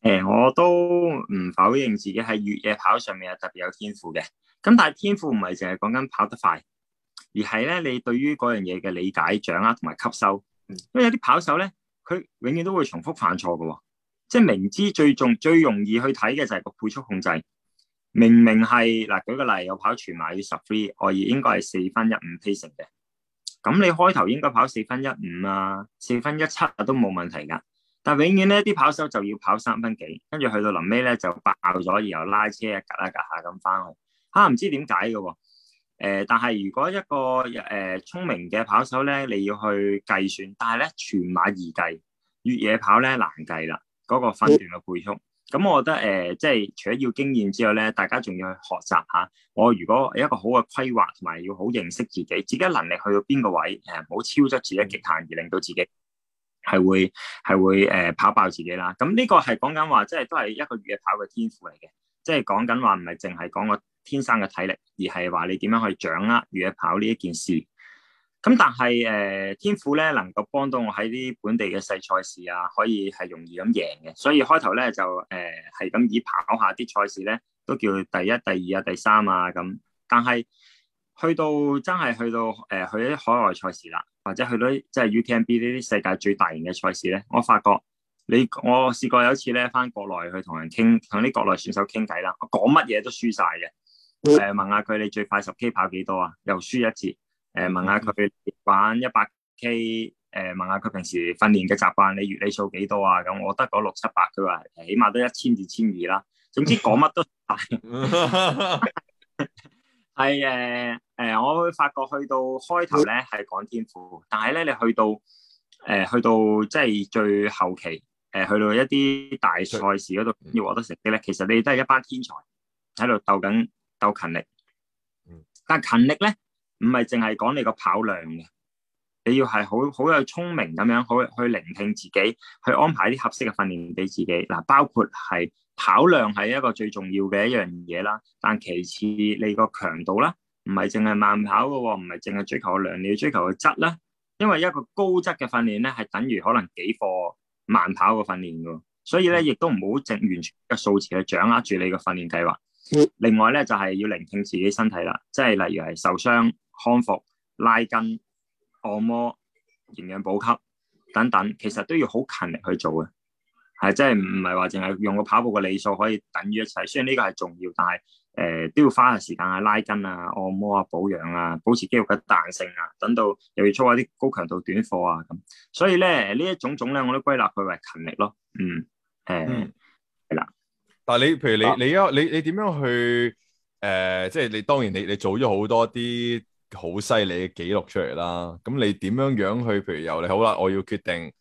誒、欸，我都唔否認自己喺越野跑上面係特別有天賦嘅。咁但係天賦唔係淨係講緊跑得快，而係咧你對於嗰樣嘢嘅理解、掌握同埋吸收。因為有啲跑手咧，佢永遠都會重複犯錯嘅，即係明知最重最容易去睇嘅就係個配速控制。明明係嗱，舉個例，有跑全馬要十 three 我而應該係四分一五 pacing 嘅。咁你開頭應該跑四分一五啊，四分一七啊都冇問題噶。但永遠咧，啲跑手就要跑三分幾，跟住去到臨尾咧就爆咗，然後拉車一格一格一格一格啊，夾下夾下咁翻去。吓，唔知點解嘅？誒，但係如果一個誒聰、呃、明嘅跑手咧，你要去計算，但係咧全馬易計，越野跑咧難計啦，嗰、那個分段嘅配速。咁我覺得誒、呃，即係除咗要經驗之外咧，大家仲要去學習下，我如果有一個好嘅規劃，同埋要好認識自己，自己能力去到邊個位，誒、呃，唔好超出自己極限而令到自己係會係會誒、呃、跑爆自己啦。咁呢個係講緊話，即係都係一個越野跑嘅天賦嚟嘅，即係講緊話唔係淨係講個天生嘅體力，而係話你點樣去掌握越野跑呢一件事。咁但係誒、呃、天賦咧，能夠幫到我喺啲本地嘅細賽事啊，可以係容易咁贏嘅。所以開頭咧就誒係咁以跑下啲賽事咧，都叫第一、第二啊、第三啊咁。但係去到真係去到誒、呃、去啲海外賽事啦，或者去到即係、就是、UTMB 呢啲世界最大型嘅賽事咧，我發覺你我試過有一次咧，返國內去同人傾，同啲國內選手傾偈啦，我講乜嘢都輸晒嘅。誒、呃、問下佢你最快十 K 跑幾多啊？又輸一次。誒、呃，問下佢玩一百 K，誒、呃，問下佢平時訓練嘅習慣，你月理數幾多啊？咁我得嗰六七百，佢話起碼得一千至千二啦。總之講乜都大，係誒誒，我會發覺去到開頭咧係講天賦，但係咧你去到誒、呃、去到即係最後期，誒、呃、去到一啲大賽事嗰度要獲得成績咧，其實你都係一班天才喺度鬥緊鬥勤力，但勤力咧。唔係淨係講你個跑量嘅，你要係好好有聰明咁樣，去去聆聽自己，去安排啲合適嘅訓練俾自己。嗱，包括係跑量係一個最重要嘅一樣嘢啦，但其次你個強度啦，唔係淨係慢跑嘅，哦，唔係淨係追求量，你要追求個質啦。因為一個高質嘅訓練咧，係等於可能幾課慢跑嘅訓練噶，所以咧亦都唔好淨完全嘅數字去掌握住你個訓練計劃。另外咧就係要聆聽自己身體啦，即係例如係受傷。康復、拉筋、按摩、營養補給等等，其實都要好勤力去做嘅，係即係唔係話淨係用個跑步嘅理數可以等於一切。雖然呢個係重要，但係誒、呃、都要花下時間啊、拉筋啊、按摩啊、保養啊、保持肌肉嘅彈性啊，等到又要操下啲高強度短課啊咁。所以咧呢一種種咧，我都歸納佢為勤力咯。嗯，誒係啦。嗯嗯、但係你譬如你你啊你你點樣去誒、呃？即係你、呃、即你當然你你做咗好多啲。好犀利嘅記錄出嚟啦！咁你點樣樣去？譬如由你好啦，我要決定。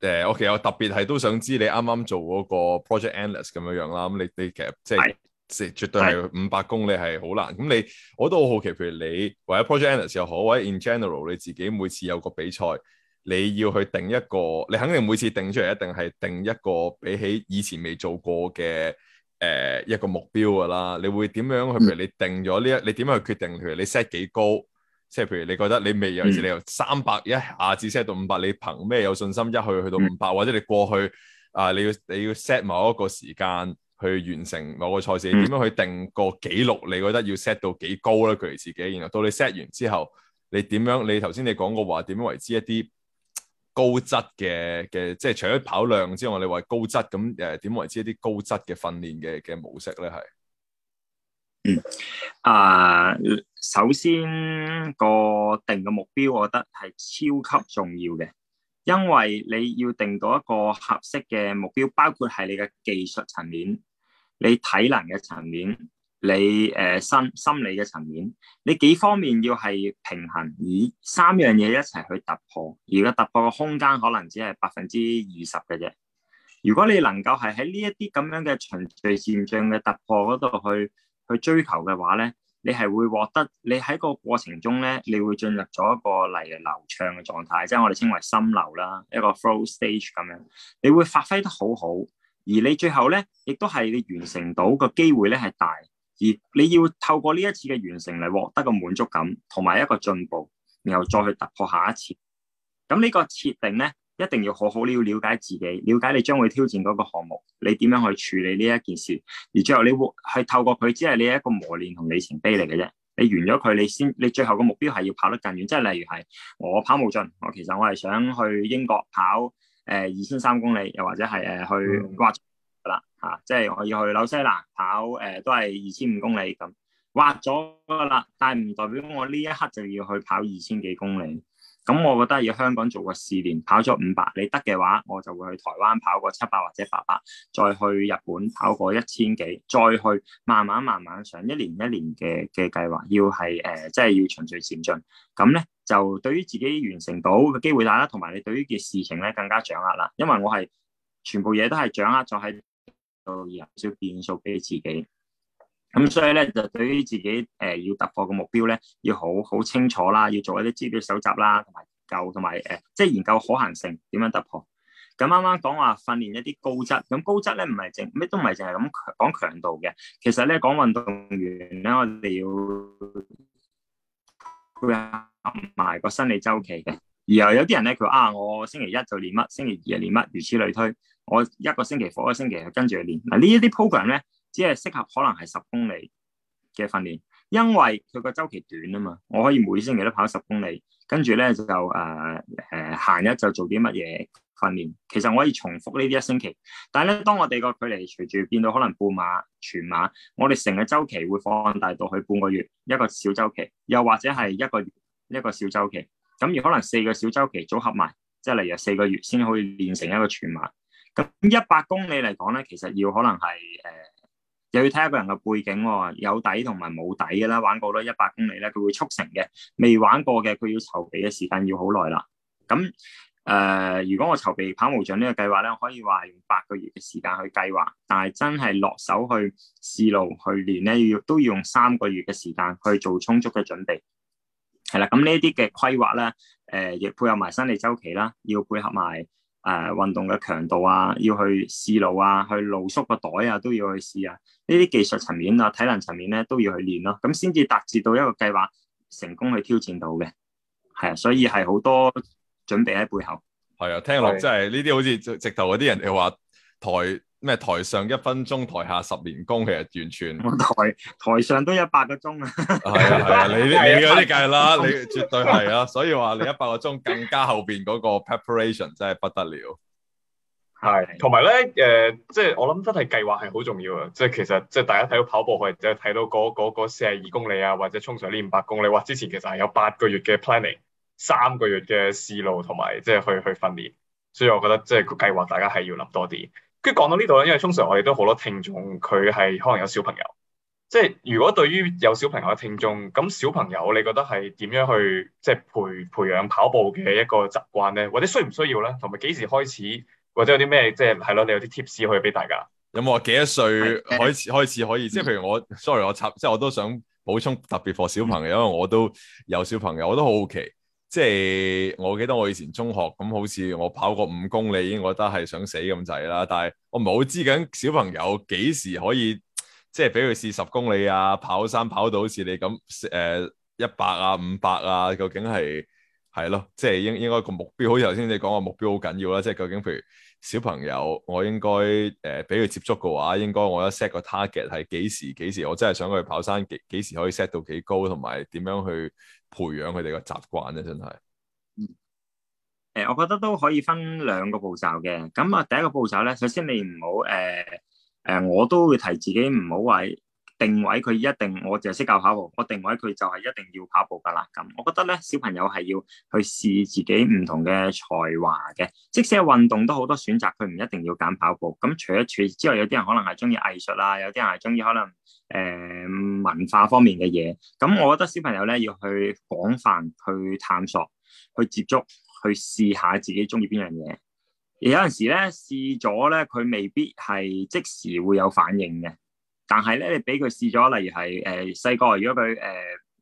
誒、呃，我其實我特別係都想知你啱啱做嗰個 Project Endless 咁樣樣啦。咁你你其實即、就、係、是，即係是絕對係五百公里係好難。咁是你我都好好奇，譬如你或者 Project Endless 又好，或者 in general 你自己每次有個比賽，你要去定一個，你肯定每次定出嚟一定係定一個比起以前未做過嘅。誒、呃、一個目標㗎啦，你會點樣去？譬如你定咗呢一，你點樣去決定？譬如你 set 幾高，即係譬如你覺得你未有時，你由三百一下子 set 到五百，500，你憑咩有信心一去去到五百、嗯？或者你過去啊、呃，你要你要 set 某一個時間去完成某個賽事，你點樣去定個紀錄？你覺得要 set 到幾高咧？佢自己，然後到你 set 完之後，你點樣？你頭先你講過話點樣為之一啲？高質嘅嘅，即係除咗跑量之外，你話高質咁，誒、點為之一啲高質嘅訓練嘅嘅模式咧？係嗯啊、呃，首先個定嘅目標，我覺得係超級重要嘅。因為你要定到一個合適嘅目標，包括係你嘅技術層面、你體能嘅層面。你誒、呃、心心理嘅層面，你幾方面要係平衡，以三樣嘢一齊去突破，而家突破個空間可能只係百分之二十嘅啫。如果你能夠係喺呢一啲咁樣嘅循序漸進嘅突破嗰度去去追求嘅話咧，你係會獲得你喺個過程中咧，你會進入咗一個嚟流暢嘅狀態，即係我哋稱為心流啦，一個 flow stage 咁樣，你會發揮得好好，而你最後咧，亦都係你完成到個機會咧係大。而你要透過呢一次嘅完成嚟獲得個滿足感同埋一個進步，然後再去突破下一次。咁呢個設定咧，一定要好好要了解自己，了解你將會挑戰嗰個項目，你點樣去處理呢一件事。而最後你會去透過佢，只係你一個磨練同里程碑嚟嘅啫。你完咗佢，你先，你最後個目標係要跑得更遠。即係例如係我跑無盡，我其實我係想去英國跑誒二千三公里，又或者係誒、呃、去吓、啊，即係我要去紐西蘭跑，誒、呃，都係二千五公里咁，劃咗噶啦。但係唔代表我呢一刻就要去跑二千幾公里。咁我覺得要香港做個試練，跑咗五百，你得嘅話，我就會去台灣跑個七百或者八百，再去日本跑個一千幾，再去慢慢慢慢上，一年一年嘅嘅計劃，要係誒、呃，即係要循序漸進。咁咧就對於自己完成到嘅機會大啦，同埋你對於件事情咧更加掌握啦。因為我係全部嘢都係掌握咗喺。有少變數俾自己，咁所以咧就對於自己誒、呃、要突破嘅目標咧，要好好清楚啦，要做一啲資料搜集啦，同埋研究，同埋誒，即係研究可行性點樣突破。咁啱啱講話訓練一啲高質，咁高質咧唔係淨咩都唔係淨係咁講強度嘅，其實咧講運動員咧，我哋要配合埋個生理周期嘅。然後有啲人咧，佢啊，我星期一就練乜，星期二就練乜，如此類推。我一個星期，一個星期跟住去練嗱，呢一啲 program 咧，只係適合可能係十公里嘅訓練，因為佢個周期短啊嘛。我可以每星期都跑十公里，跟住咧就誒誒，閒、呃、日、呃、就做啲乜嘢訓練。其實我可以重複呢啲一星期，但係咧，當我哋個距離隨住變到可能半馬、全馬，我哋成個周期會放大到去半個月一個小周期，又或者係一個月一個小周期，咁而可能四個小周期組合埋，即係例如四個月先可以練成一個全馬。一百公里嚟講咧，其實要可能係誒、呃，又要睇一個人嘅背景、哦，有底同埋冇底嘅啦。玩過咧，一百公里咧，佢會速成嘅；未玩過嘅，佢要籌備嘅時間要好耐啦。咁、嗯、誒、呃，如果我籌備跑無盡呢個計劃咧，可以話用八個月嘅時間去計劃，但係真係落手去試路去練咧，要都要用三個月嘅時間去做充足嘅準備。係啦，咁呢啲嘅規劃咧，誒，亦配合埋生理周期啦，要配合埋。誒，呃、運動嘅強度啊，要去試路啊，去露宿個袋啊，都要去試啊。呢啲技術層面啊，體能層面咧，都要去練咯、啊。咁先至達至到一個計劃成功去挑戰到嘅。係啊，所以係好多準備喺背後。係啊，聽落真係呢啲好似，直頭嗰啲人又話台。咩，台上一分鐘，台下十年功，其實完全台台上都有一百個鐘 *laughs* 啊！係啊係啊，你 *laughs* 你嗰啲計啦，你絕對係啊，所以話你一百個鐘更加後邊嗰個 preparation *laughs* 真係不得了。係，同埋咧，誒、呃，即、就、係、是、我諗真係計劃係好重要啊！即、就、係、是、其實即係、就是、大家睇到跑步去，即係睇到嗰四十二公里啊，或者衝上呢五百公里，哇！之前其實係有八個月嘅 planning，三個月嘅思路同埋即係去去訓練，所以我覺得即係個計劃大家係要諗多啲。跟住講到呢度咧，因為通常我哋都好多聽眾，佢係可能有小朋友。即係如果對於有小朋友嘅聽眾，咁小朋友你覺得係點樣去即係培培養跑步嘅一個習慣咧？或者需唔需要咧？同埋幾時開始？或者有啲咩即係係咯？你有啲 tips 可以俾大家？有冇話幾多歲開始 *laughs* 開始可以？即係譬如我 *laughs* ，sorry，我插，即係我都想補充特別 for 小朋友，嗯、因為我都有小朋友，我都好好奇。即係我記得我以前中學咁，好似我跑個五公里已經覺得係想死咁滯啦。但係我唔係好知緊小朋友幾時可以即係俾佢試十公里啊？跑山跑到好似你咁誒一百啊、五百啊，究竟係係咯？即係應應該個目標，好似頭先你講個目標好緊要啦。即係究竟譬如小朋友，我應該誒俾佢接觸嘅話，應該我一 set 個 target 係幾時？幾時我真係想去跑山？幾幾時可以 set 到幾高？同埋點樣去？培養佢哋個習慣咧，真係。嗯，誒，我覺得都可以分兩個步驟嘅。咁啊，第一個步驟咧，首先你唔好誒誒，我都會提自己唔好話。定位佢一定，我淨係識教跑步。我定位佢就係一定要跑步噶啦。咁，我覺得咧，小朋友係要去試自己唔同嘅才華嘅。即使係運動都好多選擇，佢唔一定要揀跑步。咁除咗此之外，有啲人可能係中意藝術啦，有啲人係中意可能誒、呃、文化方面嘅嘢。咁，我覺得小朋友咧要去廣泛去探索、去接觸、去試下自己中意邊樣嘢。而有陣時咧，試咗咧，佢未必係即時會有反應嘅。但係咧，你俾佢試咗，例如係誒細個，呃、如果佢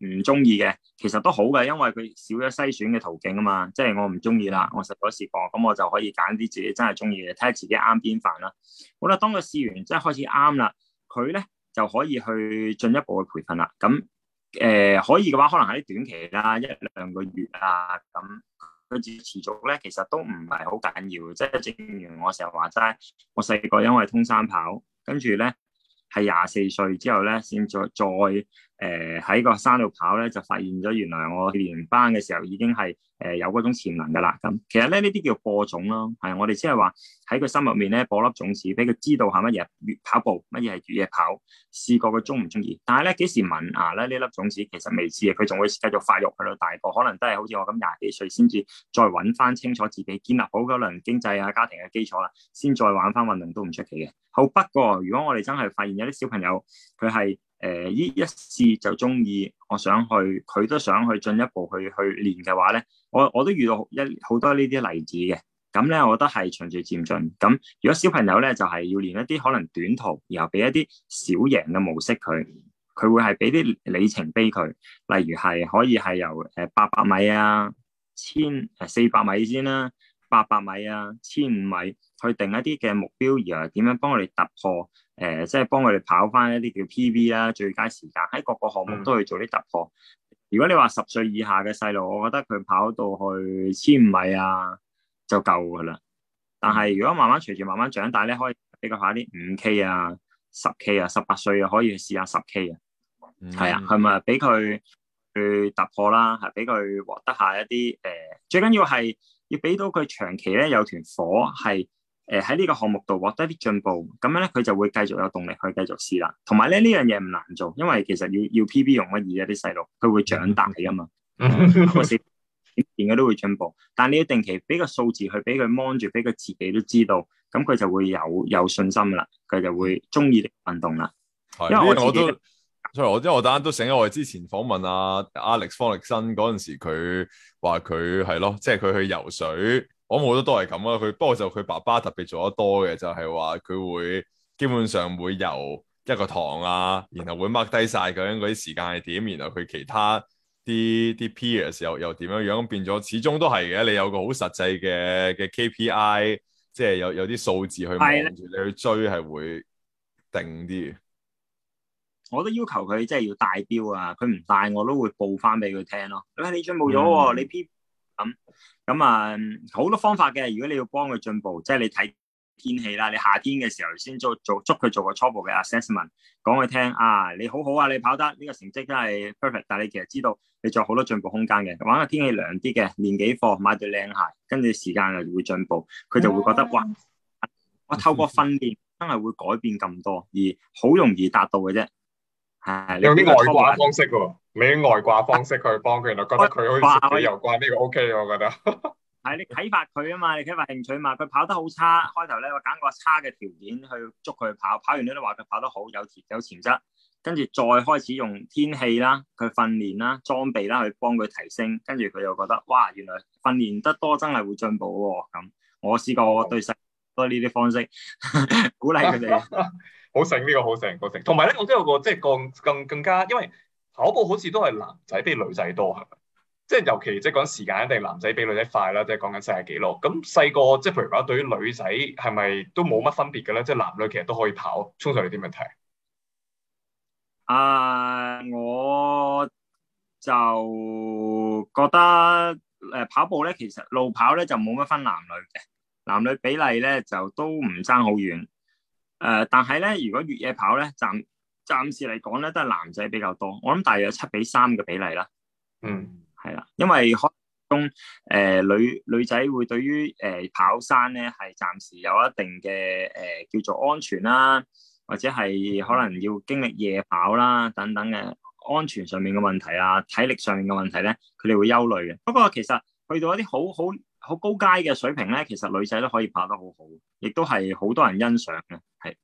誒唔中意嘅，其實都好嘅，因為佢少咗篩選嘅途徑啊嘛。即係我唔中意啦，我食咗試過，咁我就可以揀啲自己真係中意嘅，睇下自己啱邊範啦。好啦，當佢試完即係開始啱啦，佢咧就可以去進一步嘅培訓啦。咁誒、呃、可以嘅話，可能喺短期啦，一兩個月啊，咁佢住持續咧，其實都唔係好緊要。即係正如我成日話齋，我細個因為通山跑，跟住咧。係廿四歲之後咧，先再再。誒，喺、呃、個山度跑咧，就發現咗，原來我連班嘅時候已經係誒、呃、有嗰種潛能噶啦。咁其實咧，呢啲叫播種咯，係我哋即係話喺佢心入面咧播粒種子，俾佢知道係乜嘢跑步，乜嘢係越野跑，試過佢中唔中意。但係咧幾時萌芽咧？呢、啊、粒種子其實未知嘅，佢仲會繼續發育，去到大個，可能都係好似我咁廿幾歲先至再搵翻清楚自己，建立好嗰輪經濟啊、家庭嘅基礎啦，先再，再玩翻運動都唔出奇嘅。好不過，如果我哋真係發現有啲小朋友佢係。誒，依、呃、一試就中意，我想去，佢都想去進一步去去練嘅話咧，我我都遇到一好多呢啲例子嘅，咁咧，我覺得係循序漸進。咁如果小朋友咧，就係、是、要練一啲可能短途，然後俾一啲小型嘅模式佢，佢會係俾啲里程碑佢，例如係可以係由誒八百米啊，千誒四百米先啦、啊，八百米啊，千五米。去定一啲嘅目標，而係點樣幫佢哋突破？誒、呃，即係幫佢哋跑翻一啲叫 PB 啦、啊，最佳時間喺各個項目都去做啲突破。嗯、如果你話十歲以下嘅細路，我覺得佢跑到去千五米啊就夠噶啦。但係如果慢慢隨住慢慢長大咧，可以俾佢下啲五 K 啊、十 K 啊、十八歲啊，可以試下十 K 啊。係、嗯、啊，係咪俾佢去突破啦？係俾佢獲得一下一啲誒、呃，最緊要係要俾到佢長期咧有團火係。誒喺呢個項目度獲得啲進步，咁樣咧佢就會繼續有動力去繼續試啦。同埋咧呢樣嘢唔難做，因為其實要要 P. P. 容乜易啊啲細路，佢會長大噶嘛，嗰時點點解都會進步。但你要定期俾個數字去俾佢 mon 住，俾佢自己都知道，咁佢就會有有信心噶啦，佢就會中意運動啦。嗯、因為我，我都，因為我因為我等陣都醒，我哋之前訪問阿、啊、Alex 方力申嗰陣時，佢話佢係咯，即係佢去游水。我冇得都係咁啊，佢不過就佢爸爸特別做得多嘅，就係話佢會基本上會由一個堂啊，然後會 mark 低晒究竟嗰啲時間係點，然後佢其他啲啲 period 又又點樣樣變咗，始終都係嘅。你有個好實際嘅嘅 KPI，即係有有啲數字去望住的你去追係會定啲。我都要求佢即係要帶表啊，佢唔帶我都會報翻俾佢聽咯。咩你追冇咗喎？你咁咁啊，好、嗯嗯、多方法嘅。如果你要幫佢進步，即係你睇天氣啦。你夏天嘅時候先做做捉佢做個初步嘅 assessment，講佢聽啊，你好好啊，你跑得呢，這個成績真係 perfect。但係你其實知道你仲有好多進步空間嘅。玩個天氣涼啲嘅練幾課，買對靚鞋，跟住時間就會進步，佢就會覺得哇，哇，我透過訓練真係會改變咁多，而好容易達到嘅啫。用啲外掛方式喎、啊，用外掛方式去幫佢，原來覺得佢可以自己游關呢、啊、個 O、OK, K，我覺得係你啟發佢啊嘛，你啟發興趣嘛。佢跑得好差，開頭呢我揀個差嘅條件去捉佢跑，跑完都都話佢跑得好，有潛有潛質，跟住再開始用天氣啦、去訓練啦、裝備啦，裝備啦去幫佢提升，跟住佢又覺得哇，原來訓練得多真係會進步喎、啊。咁我試過對多呢啲方式， *laughs* 鼓勵佢哋，好醒、 *laughs* 這個、呢個好醒。好醒。同埋咧，我都有個即係、就是、更更更加，因為跑步好似都係男仔，比女仔多嚇。即係、就是、尤其即係講時間，一定男仔比女仔快啦。即、就、係、是、講緊世界紀錄。咁細個即係譬如話，對於女仔係咪都冇乜分別嘅咧？即、就、係、是、男女其實都可以跑，衝上嚟啲問題？誒，uh, 我就覺得誒、呃、跑步咧，其實路跑咧就冇乜分男女嘅。男女比例咧就都唔爭好遠，誒、呃，但係咧，如果越野跑咧，暫暫時嚟講咧，都係男仔比較多。我諗大約七比三嘅比例啦。嗯，係啦、嗯，因為可能誒女女仔會對於誒、呃、跑山咧，係暫時有一定嘅誒、呃、叫做安全啦，或者係可能要經歷夜跑啦等等嘅安全上面嘅問題啊，體力上面嘅問題咧，佢哋會憂慮嘅。不過其實去到一啲好好，好高階嘅水平咧，其實女仔都可以拍得好好，亦都係好多人欣賞嘅，係。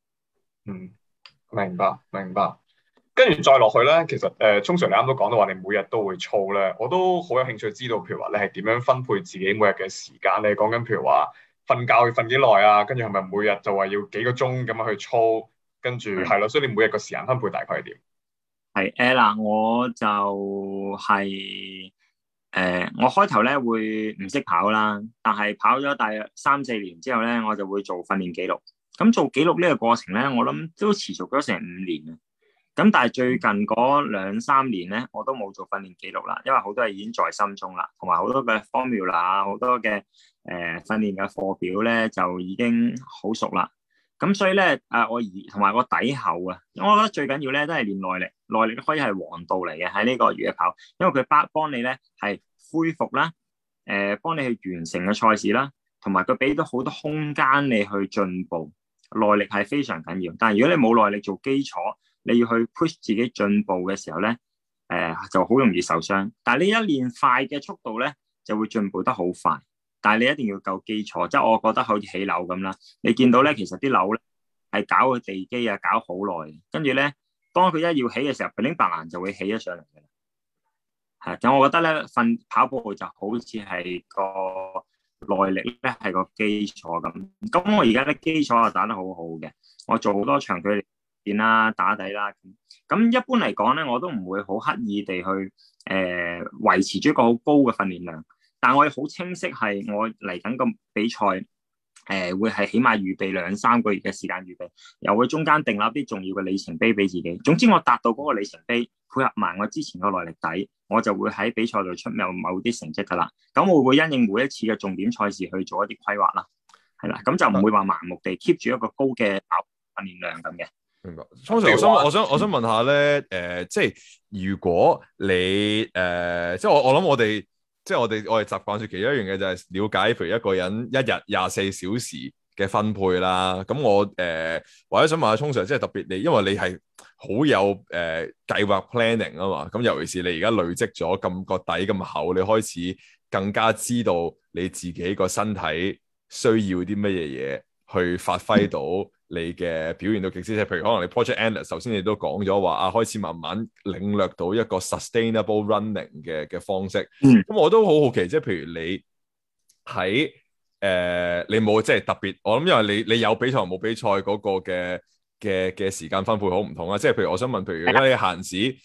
嗯，明白明白。跟住再落去咧，其實誒，通常你啱都講到話，你每日都會操咧，我都好有興趣知道，譬如話你係點樣分配自己每日嘅時間？你講緊譬如話瞓覺要瞓幾耐啊？跟住係咪每日就話要幾個鐘咁樣去操？跟住係咯，所以你每日個時間分配大概係點？係誒嗱，我就係。誒、呃，我開頭咧會唔識跑啦，但係跑咗大約三四年之後咧，我就會做訓練記錄。咁做記錄呢個過程咧，我諗都持續咗成五年啊。咁但係最近嗰兩三年咧，我都冇做訓練記錄啦，因為好多嘢已經在心中啦，同埋好多嘅 formula 啊，好多嘅誒訓練嘅課表咧就已經好熟啦。咁所以咧，誒、啊、我而同埋個底厚啊，我覺得最緊要咧都係練耐力，耐力都可以係王道嚟嘅喺呢個越野跑，因為佢幫幫你咧係恢復啦，誒、呃、幫你去完成嘅賽事啦，同埋佢俾咗好多空間你去進步，耐力係非常緊要。但係如果你冇耐力做基礎，你要去 push 自己進步嘅時候咧，誒、呃、就好容易受傷。但係你一練快嘅速度咧，就會進步得好快。但係你一定要夠基礎，即係我覺得好似起樓咁啦。你見到咧，其實啲樓咧係搞個地基啊，搞好耐。跟住咧，當佢一要起嘅時候，佢拎白岩就會起咗上嚟嘅。係，咁我覺得咧，訓跑步就好似係個耐力咧，係個基礎咁。咁我而家啲基礎啊打得好好嘅，我做好多長距離練啦、打底啦。咁一般嚟講咧，我都唔會好刻意地去誒、呃、維持咗一個好高嘅訓練量。但我哋好清晰係我嚟緊個比賽，誒、呃、會係起碼預備兩三個月嘅時間預備，又會中間定立啲重要嘅里程碑俾自己。總之我達到嗰個里程碑，配合埋我之前個耐力底，我就會喺比賽度出有某啲成績噶啦。咁我會唔會因應每一次嘅重點賽事去做一啲規劃啦？係啦、啊，咁就唔會話盲目地 keep 住一個高嘅跑訓練量咁嘅。通常、嗯嗯我，我，呃呃、我，我想我想我想問下咧，誒，即係如果你誒，即係我我諗我哋。即係我哋我哋習慣說，其中一樣嘢，就係了解，譬如一個人一日廿四小時嘅分配啦。咁我誒、呃，或者想問下聰 Sir 即係特別你，因為你係好有誒計、呃、劃 planning 啊嘛。咁尤其是你而家累積咗咁個底咁厚，你開始更加知道你自己個身體需要啲乜嘢嘢。去發揮到你嘅表現到極致，即譬如可能你 Project Endless 首先你都講咗話啊，開始慢慢領略到一個 sustainable running 嘅嘅方式。咁、嗯、我都好好奇，即係譬如你喺誒、呃，你冇即係特別，我諗因為你你有比賽冇比賽嗰個嘅嘅嘅時間分配好唔同啊。即係譬如我想問，譬如而家你閒時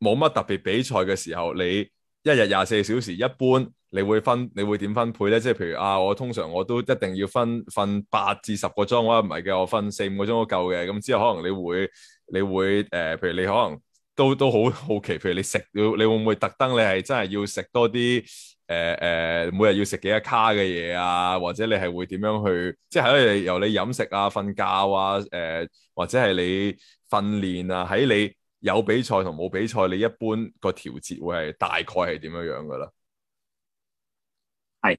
冇乜特別比賽嘅時候，你。一日廿四小時，一般你會分你會點分配咧？即係譬如啊，我通常我都一定要分瞓八至十個鐘啦，唔係嘅，我瞓四五個鐘都夠嘅。咁之後可能你會你會誒、呃，譬如你可能都都好好奇，譬如你食，你會唔會特登你係真係要食多啲誒誒，每日要食幾多卡嘅嘢啊？或者你係會點樣去？即係由由你飲食啊、瞓覺啊、誒、呃、或者係你訓練啊，喺你。有比賽同冇比賽，你一般個調節會係大概係點樣樣㗎喇？係誒、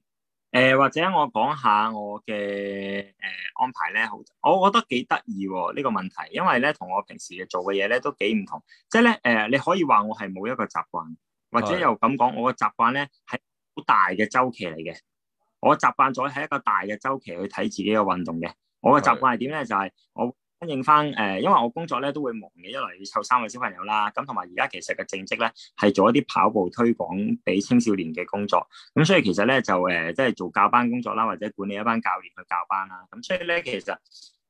呃，或者我講下我嘅誒、呃、安排咧。好，我覺得幾得意喎呢個問題，因為咧同我平時嘅做嘅嘢咧都幾唔同。即係咧誒，你可以話我係冇一個習慣，或者又咁講，是我嘅習慣咧係好大嘅周期嚟嘅。我習慣咗喺一個大嘅周期去睇自己嘅運動嘅。我嘅習慣係點咧？是就係我。呼應翻誒，因為我工作咧都會忙嘅，一來要湊三個小朋友啦，咁同埋而家其實嘅正職咧係做一啲跑步推廣俾青少年嘅工作，咁所以其實咧就誒，即、呃、係、就是、做教班工作啦，或者管理一班教練去教班啦，咁所以咧其實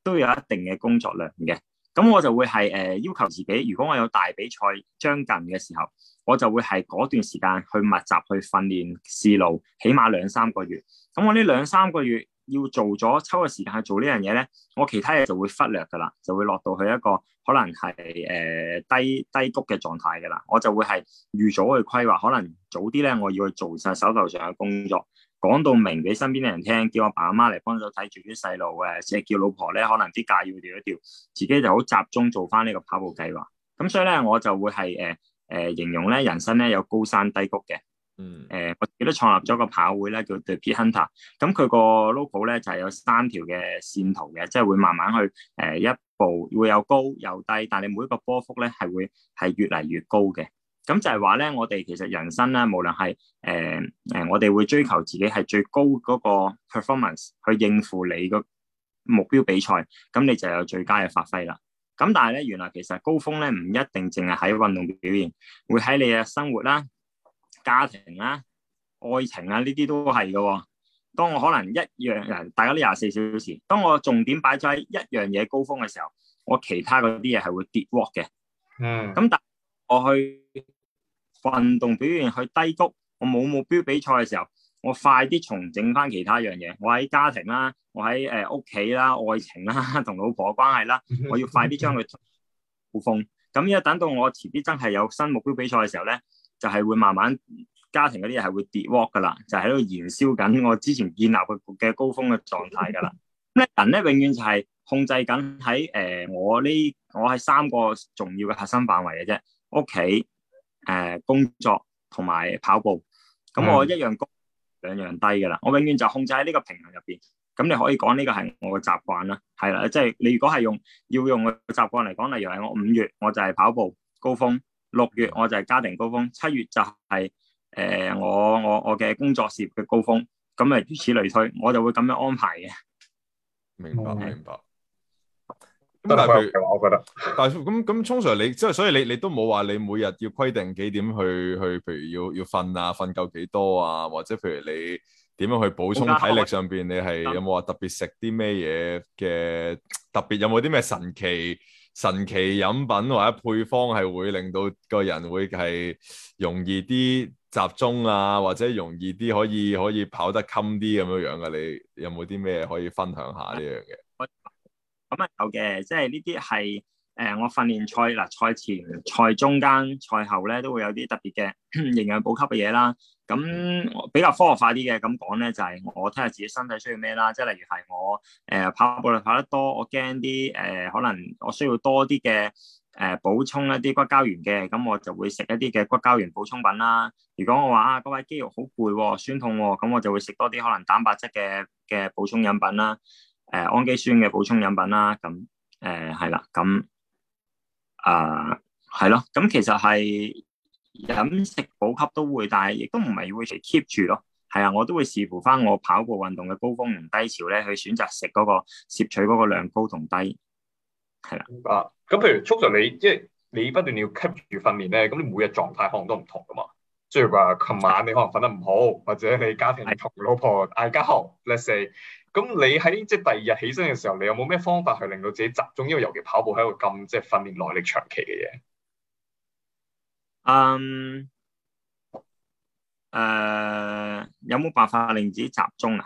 都有一定嘅工作量嘅。咁我就會係誒、呃、要求自己，如果我有大比賽將近嘅時候，我就會係嗰段時間去密集去訓練試路，起碼兩三個月。咁我呢兩三個月。要做咗抽個時間去做呢樣嘢咧，我其他嘢就會忽略噶啦，就會落到去一個可能係誒、呃、低低谷嘅狀態噶啦。我就會係預早去規劃，可能早啲咧，我要去做晒手頭上嘅工作，講到明俾身邊啲人聽，叫阿爸阿媽嚟幫手睇住啲細路嘅，或者叫老婆咧，可能啲架要調一調，自己就好集中做翻呢個跑步計劃。咁所以咧，我就會係誒誒形容咧，人生咧有高山低谷嘅。嗯，誒、呃，我記得創立咗個跑會咧，叫 Deer Hunter。咁佢、嗯、個 logo 咧就係、是、有三條嘅線圖嘅，即、就、係、是、會慢慢去，誒、呃，一步會有高有低，但係你每一個波幅咧係會係越嚟越高嘅。咁、嗯、就係話咧，我哋其實人生咧，無論係誒誒，我哋會追求自己係最高嗰個 performance 去應付你個目標比賽，咁、嗯、你就有最佳嘅發揮啦。咁、嗯、但係咧，原來其實高峰咧唔一定淨係喺運動表現，會喺你嘅生活啦。家庭啦、啊、愛情啊，呢啲都係嘅，哦。當我可能一樣人，大家都廿四小時。當我重點擺在一樣嘢高峰嘅時候，我其他嗰啲嘢係會跌鑊嘅。嗯。咁、嗯、但我去運動表現去低谷，我冇目標比賽嘅時候，我快啲重整翻其他一樣嘢。我喺家庭啦、啊，我喺誒屋企啦、愛情啦、啊、同老婆關係啦、啊，我要快啲將佢高峰。咁一 *laughs* 等到我遲啲真係有新目標比賽嘅時候咧。就係會慢慢家庭嗰啲嘢係會跌 walk 噶啦，就喺、是、度燃燒緊我之前建立嘅嘅高峰嘅狀態噶啦。咁人咧永遠就係控制緊喺誒我呢，我係三個重要嘅核心範圍嘅啫，屋企誒工作同埋跑步。咁我一樣高兩樣低噶啦，我永遠就控制喺呢個平衡入邊。咁你可以講呢個係我嘅習慣啦，係啦，即、就、係、是、你如果係用要用嘅習慣嚟講，例如係我五月我就係跑步高峰。六月我就係家庭高峰，七月就係、是、誒、呃、我我我嘅工作事業嘅高峰，咁啊如此類推，我就會咁樣安排嘅。明白明白。咁、嗯、但係譬佢，我覺得，聰 Sir 咁咁通常你即係所以你你都冇話你每日要規定幾點去去，譬如要要瞓啊，瞓夠幾多啊，或者譬如你點樣去補充體力上邊，嗯、你係有冇話特別食啲咩嘢嘅特別有冇啲咩神奇？神奇飲品或者配方係會令到個人會係容易啲集中啊，或者容易啲可以可以跑得襟啲咁樣樣噶。你有冇啲咩可以分享下呢樣嘢？咁啊有嘅，即係呢啲係。誒、呃，我訓練賽嗱，賽前、賽中間、賽後咧，都會有啲特別嘅 *coughs* 營養補給嘅嘢啦。咁比較科學化啲嘅咁講咧，就係、是、我睇下自己身體需要咩啦。即係例如係我誒、呃、跑步跑得多，我驚啲誒可能我需要多啲嘅誒補充一啲骨膠原嘅，咁我就會食一啲嘅骨膠原補充品啦。如果我話啊，嗰位肌肉好攰喎、酸痛喎、哦，咁我就會食多啲可能蛋白質嘅嘅補充飲品啦，誒、呃、氨基酸嘅補充飲品啦，咁誒係啦，咁、呃。嗯嗯嗯嗯嗯嗯嗯。誒，係咯、uh,，咁、嗯、其實係飲食補給都會，但係亦都唔係會 keep 住咯。係啊，我都會視乎翻我跑步運動嘅高峰同低潮咧，去選擇食嗰個攝取嗰個量高同低，係啦。啊、嗯，咁譬如，通常你即係你不斷要 keep 住訓練咧，咁你每日狀態可能都唔同噶嘛。即係話琴晚你可能瞓得唔好，或者你家庭同老婆嗌交，的，let's say。咁你喺即係第二日起身嘅時候，你有冇咩方法去令到自己集中？因為尤其跑步係一個咁即係訓練耐力長期嘅嘢。嗯，誒，有冇辦法令自己集中啊？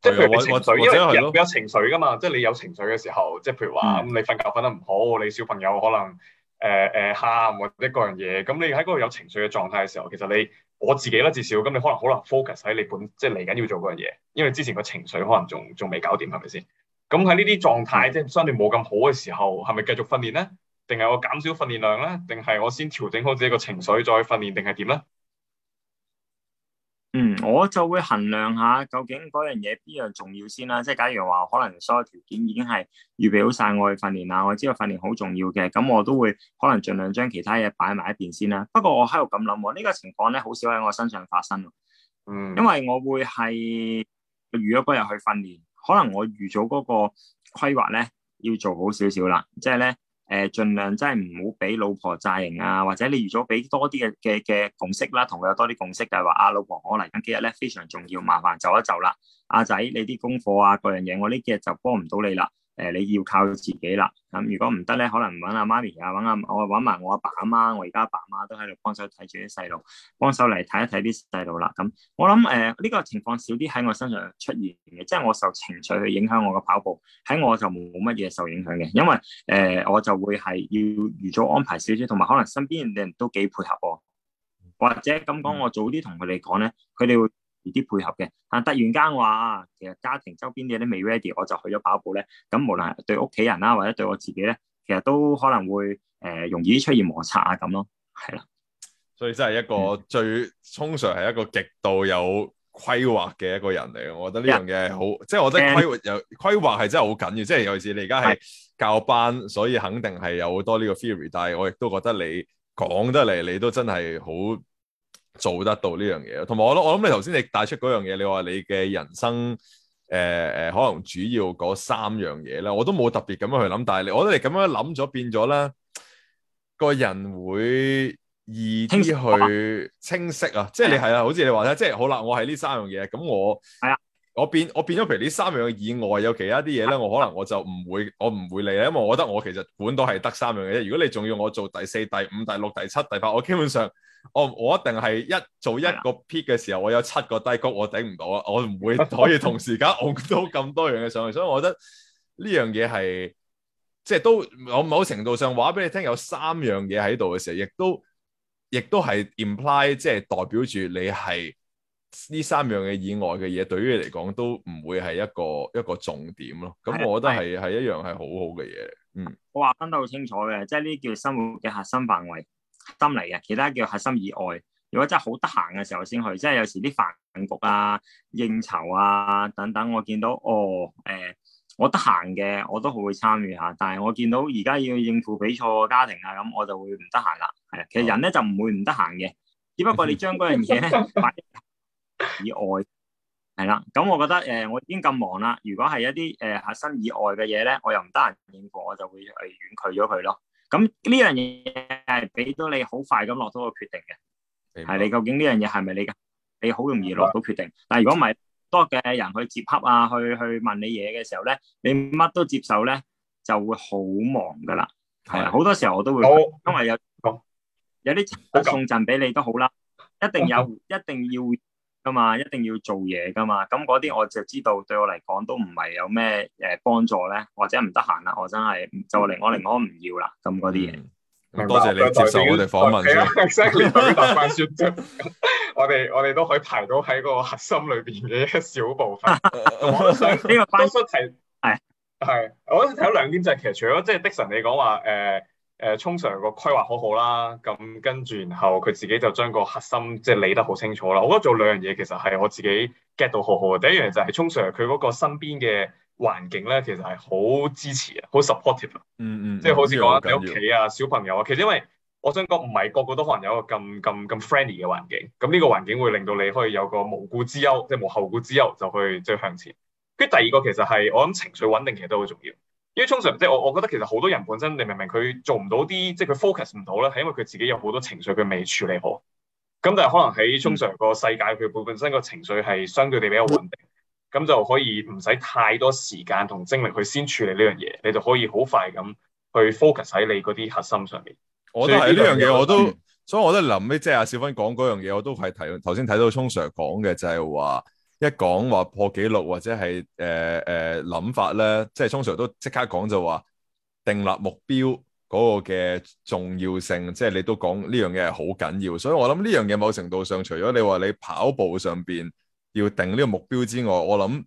即係譬如我情因為人有情緒噶嘛。即係你有情緒嘅時候，即係譬如話咁，你瞓覺瞓得唔好，你小朋友可能誒誒喊或者各樣嘢，咁你喺嗰個有情緒嘅狀態嘅時候，其實你。我自己啦，至少咁你可能好難 focus 喺你本，即係嚟緊要做嗰樣嘢，因為之前個情緒可能仲仲未搞掂，係咪先？咁喺呢啲狀態，嗯、即係相對冇咁好嘅時候，係咪繼續訓練咧？定係我減少訓練量咧？定係我先調整好自己個情緒再訓練，定係點咧？嗯，我就會衡量下究竟嗰樣嘢，邊樣重要先啦。即係假如話可能所有條件已經係預備好晒，我去訓練啦。我知道我訓練好重要嘅，咁我都會可能盡量將其他嘢擺埋一邊先啦。不過我喺度咁諗，呢個情況咧，好少喺我身上發生。嗯，因為我會係預咗嗰日去訓練，可能我預早嗰個規劃咧，要做好少少啦，即係咧。誒，盡量真係唔好俾老婆贅形啊，或者你預咗俾多啲嘅嘅嘅共識啦，同佢有多啲共識嘅話，阿、就係啊、老婆可能今幾日咧非常重要，麻煩走一走啦，阿、啊、仔你啲功課啊各樣嘢，我呢幾日就幫唔到你啦。誒，你要靠自己啦。咁如果唔得咧，可能搵阿媽咪啊，搵阿我搵埋我阿爸阿媽。我而家阿爸阿媽都喺度幫手睇住啲細路，幫手嚟睇一睇啲細路啦。咁我諗誒，呢個情況少啲喺我身上出現嘅，即係我受情緒去影響我嘅跑步，喺我就冇乜嘢受影響嘅。因為誒，我就會係要預早安排少少，同埋可能身邊嘅人都幾配合我。或者咁講，我早啲同佢哋講咧，佢哋會。而啲配合嘅，但突然間話，其實家庭周邊嘅啲未 ready，我就去咗跑步咧。咁無論係對屋企人啦、啊，或者對我自己咧，其實都可能會誒、呃、容易出現摩擦啊咁咯。係啦，所以真係一個最通常係一個極度有規劃嘅一個人嚟嘅。我覺得呢樣嘢好，嗯、即係我覺得規劃、嗯、有規劃係真係好緊要。即係尤其是你而家係教班，的所以肯定係有好多呢個 theory。但係我亦都覺得你講得嚟，你都真係好。做得到呢樣嘢，同埋我諗，我諗你頭先你帶出嗰樣嘢，你話你嘅人生，誒、呃、誒，可能主要嗰三樣嘢咧，我都冇特別咁樣去諗，但係我覺得你咁樣諗咗，變咗咧，個人會易啲去清晰，清晰啊，即係你係啊的，好似你話咧，即係好啦，我係呢三樣嘢，咁我係啊。我變我變咗，譬如呢三樣以外有其他啲嘢咧，我可能我就唔會，我唔會理啦，因為我覺得我其實本到係得三樣嘅啫。如果你仲要我做第四、第五、第六、第七、第八，我基本上我我一定係一做一個 peak 嘅時候，我有七個低谷，我頂唔到啊！我唔會可以同時間我到咁多樣嘅上去，所以我覺得呢樣嘢係即係都有某程度上話俾你聽，有三樣嘢喺度嘅時候，亦都亦都係 imply 即係代表住你係。呢三樣嘅意外嘅嘢，對於你嚟講都唔會係一個一個重點咯。咁我覺得係係的一樣係好好嘅嘢。嗯，我話分得好清楚嘅，即係呢啲叫生活嘅核心範圍心嚟嘅，其他叫核心以外。如果真係好得閒嘅時候先去，即係有時啲飯局啊、應酬啊等等，我見到哦誒、呃，我得閒嘅我都好會參與下。但係我見到而家要應付比賽嘅家庭啊，咁我就會唔得閒啦。係啊，其實人咧就唔會唔得閒嘅，只不過你將嗰樣嘢咧。以外係啦，咁我覺得誒，我已經咁忙啦。如果係一啲誒核心以外嘅嘢咧，我又唔得閒應付，我就會係婉拒咗佢咯。咁呢樣嘢係俾到你好快咁落到個決定嘅，係你究竟呢樣嘢係咪你嘅？你好容易落到決定。但係如果唔係多嘅人去接洽啊，去去問你嘢嘅時候咧，你乜都接受咧，就會好忙噶啦。係好多時候我都會，因為有有啲送贈俾你都好啦，一定有，一定要。噶嘛，一定要做嘢噶嘛，咁嗰啲我就知道，對我嚟講都唔係有咩誒幫助咧，或者唔得閒啦，我真係就嚟我嚟講唔要啦，咁嗰啲嘢。白多謝你接受我哋訪問。我哋我哋都可以排到喺個核心裏邊嘅一小部分。呢 *laughs* 個翻書係係我嗰時睇到兩點就係，其實除咗即係迪神你講話誒。呃誒，聰、呃、Sir 個規劃好好啦，咁跟住然後佢自己就將個核心即係、就是、理得好清楚啦。我覺得做兩樣嘢其實係我自己 get 到好好嘅。第一樣就係聰 Sir 佢嗰個身邊嘅環境咧，其實係好支持啊，好 supportive 啊。嗯嗯。即係好似講你屋企啊，小朋友啊，其實因為我想講唔係個個都可能有一個咁咁咁 friendly 嘅環境。咁呢個環境會令到你可以有個無故之憂，即、就、係、是、無後顧之憂就去即係向前。跟住第二個其實係我諗情緒穩定其實都好重要。因為通常即係我，我覺得其實好多人本身你明唔明佢做唔到啲，即、就、係、是、佢 focus 唔到咧，係因為佢自己有好多情緒佢未處理好。咁但係可能喺通常個世界，佢、嗯、本身個情緒係相對地比較穩定，咁、嗯、就可以唔使太多時間同精力去先處理呢樣嘢，你就可以好快咁去 focus 喺你嗰啲核心上面。我哋係呢樣嘢，我都，所以我都臨尾即係阿小芬講嗰樣嘢，我都係睇頭先睇到沖常 i 講嘅就係話。一講話破紀錄或者係誒誒諗法咧，即係通常都即刻講就話訂立目標嗰個嘅重要性，即係你都講呢樣嘢係好緊要，所以我諗呢樣嘢某程度上，除咗你話你跑步上邊要定呢個目標之外，我諗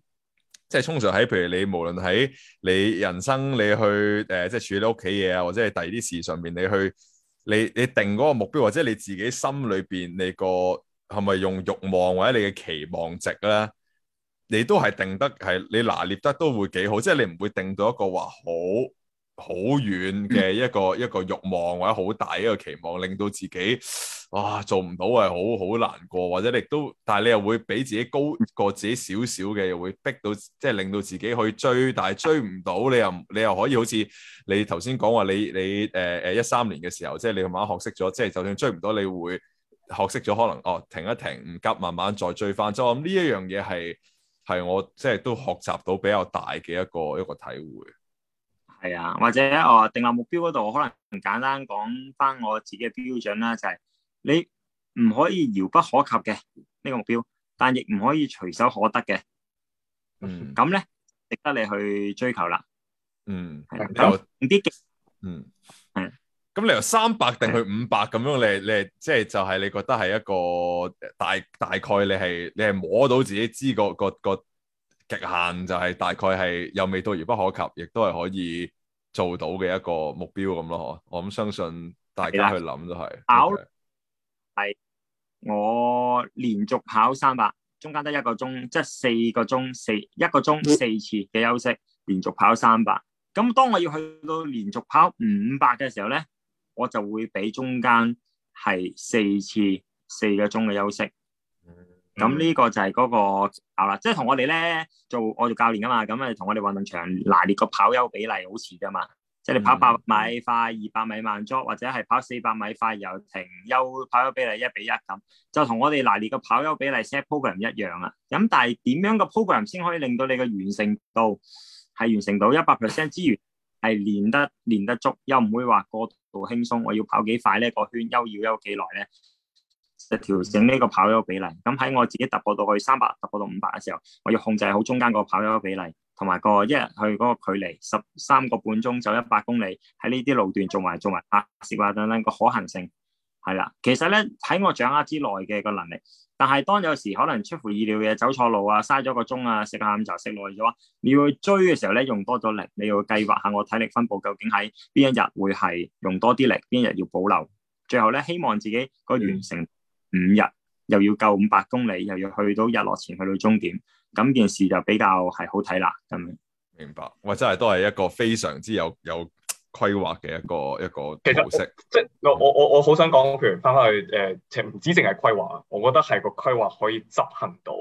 即係通常喺譬如你無論喺你人生你去誒、呃，即係處理屋企嘢啊，或者係第二啲事上邊你去你你定嗰個目標，或者你自己心裏邊你個。係咪用慾望或者你嘅期望值咧？你都係定得係你拿捏得都會幾好，即係你唔會定到一個話好好遠嘅一個一個，一個慾望或者好大一個期望，令到自己哇做唔到係好好難過，或者你都但係你又會俾自己高過自己少少嘅，又會逼到即係令到自己去追，但係追唔到你又你又可以好似你頭先講話你你誒誒一三年嘅時候，即係你慢慢學識咗，即係就算追唔到你會。學識咗可能，哦，停一停，唔急，慢慢再追翻。就我諗呢一樣嘢，係係我即係都學習到比較大嘅一個一個體會。係啊，或者哦，定立目標嗰度，我可能簡單講翻我自己嘅標準啦，就係、是，你唔可以遙不可及嘅呢、這個目標，但亦唔可以隨手可得嘅。嗯。咁咧，值得你去追求啦。嗯。係、啊。有啲嘅。嗯。係樣。嗯嗯咁你由三百定去五百咁樣你，你你即係就係、是、你覺得係一個大大概你，你係你係摸到自己知、那個、那個個極限，就係大概係又未到而不可及，亦都係可以做到嘅一個目標咁咯。嗬，我咁相信大家去諗都係。跑係 Okay. 我連續跑三百，中間得一個鐘，即、就、係、是、四個鐘，四一個鐘四次嘅休息，連續跑三百。咁當我要去到連續跑五百嘅時候咧。我就會俾中間係四次四個鐘嘅休息，咁呢、嗯、個就係嗰、嗰個啊啦，即係同我哋咧做我做教練噶嘛，咁啊同我哋運動場拿捏個跑休比例好似噶嘛，即係你跑百米快，二百米慢速，或者係跑四百米快又停休，跑休比例一比一咁，就同我哋拿捏個跑休比例 set program 一樣啦。咁但係點樣個 program 先可以令到你嘅完成度係完成到一百 percent 之餘係練得練得足，又唔會話過。好輕鬆，我要跑幾快呢？個圈休要休幾耐咧？就調整呢個跑休比例。咁喺我自己突破到去三百，突破到五百嘅時候，我要控制好中間個跑休比例，同埋個一日去嗰個距離十三個半鐘走一百公里，喺呢啲路段做埋做埋拍攝啊等等個可行性，係啦，其實咧喺我掌握之內嘅個能力，但係當有時可能出乎意料嘅走錯路啊，嘥咗個鐘啊，食下午茶食耐咗，你要追嘅時候咧用多咗力，你要計劃下我體力分布究竟喺邊一日會係用多啲力，邊一日要保留，最後咧希望自己個完成五日又要夠五百公里，又要去到日落前去到終點，咁件事就比較係好睇啦。咁明白，我真係都係一個非常之有有，有規劃嘅一個一個模式，即係我我我我好想講，譬如翻返去誒，唔、呃、止淨係規劃，我覺得係個規劃可以執行到，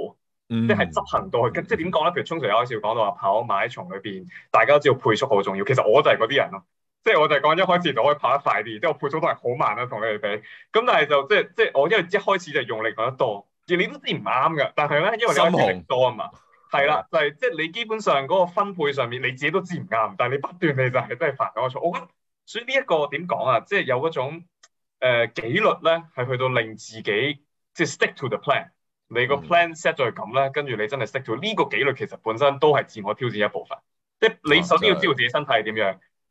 嗯、即係執行到去，即係點講咧？譬如通常一開始講到話跑馬喺場裏邊，大家都知道配速好重要。其實我就係嗰啲人咯，即係我就係講一開始就可以跑得快啲，即係我配速都係好慢啦，同你哋比。咁但係就即係即係我因為一開始就用力講得多，而你都知唔啱㗎。但係咧，因為你用力多啊嘛。係啦，就係即係你基本上嗰個分配上面，你自己都知唔啱，但係你不斷你就係、是、都係犯嗰個錯。我覺得所以呢、就是、一個點講啊，即係有嗰種誒紀律咧，係去到令自己即係、就是、stick to the plan。你個 plan set 咗去咁咧，跟住你真係 stick to 呢個紀律，其實本身都係自我挑戰一部分。即係你首先要知道自己身體係點樣，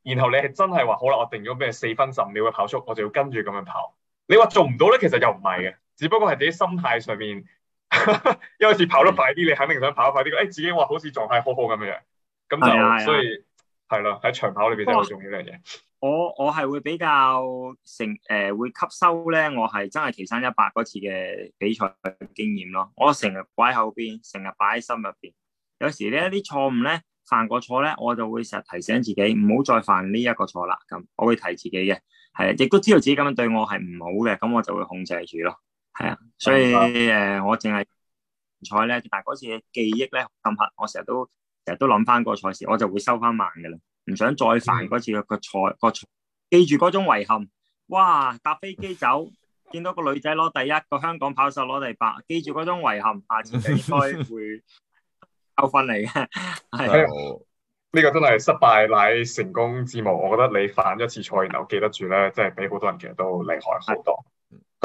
然後你係真係話好啦，我定咗咩四分十五秒嘅跑速，我就要跟住咁樣跑。你話做唔到咧，其實又唔係嘅，只不過係自己心態上面。一開始跑得快啲，的你肯定想跑得快啲。誒、哎，自己話好似狀態好好咁樣樣，咁就的所以係啦。喺長跑裏邊就好重要嘅嘢。我我係會比較成誒、呃，會吸收咧。我係真係騎山一百次嘅比賽經驗咯。我成日擺喺後邊，成日擺喺心入邊。有時呢一啲錯誤咧，犯過錯咧，我就會成日提醒自己唔好再犯呢一個錯啦。咁我會提自己嘅，係亦都知道自己咁樣對我係唔好嘅，咁我就會控制住咯。係啊，所以誒、呃，我淨係唔睬咧，但係嗰次記憶咧咁黑，我成日都成日都諗翻個賽事，我就會收翻慢嘅啦，唔想再犯嗰次嘅個賽個賽，嗯、記住嗰種遺憾。哇！搭飛機走，見到個女仔攞第一個，一個香港跑手攞第八，記住嗰種遺憾，下次離開會扣翻嚟嘅。係呢、 *laughs* hey, 哦這個真係失敗乃成功之母。我覺得你犯一次錯，然後記得住咧，即係比好多人其實都厲害好多。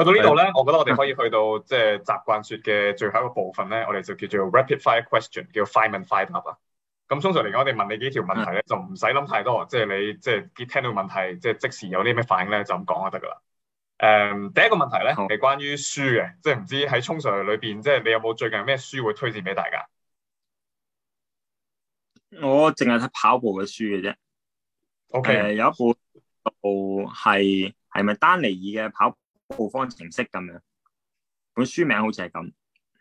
去到呢度咧，我覺得我哋可以去到即係、就是、習慣説嘅最後一個部分咧，我哋就叫做 Rapid Fire Question，叫 Find and Find up 快問快答啊。咁通常嚟講，我哋問你幾條問題咧，嗯、就唔使諗太多，即、就、係、是、你即係、就是、聽到問題，即、就、係、是、即時有啲咩反應咧，就咁講就得噶啦。誒、um，第一個問題咧係關於書嘅，即係唔知喺通常裏邊，即、就、係、是、你有冇最近咩書會推薦俾大家？我淨係睇跑步嘅書嘅啫。O Okay . K，呃、有一部部係係咪丹尼爾嘅跑步？部方程式，咁樣，本書名好似係咁，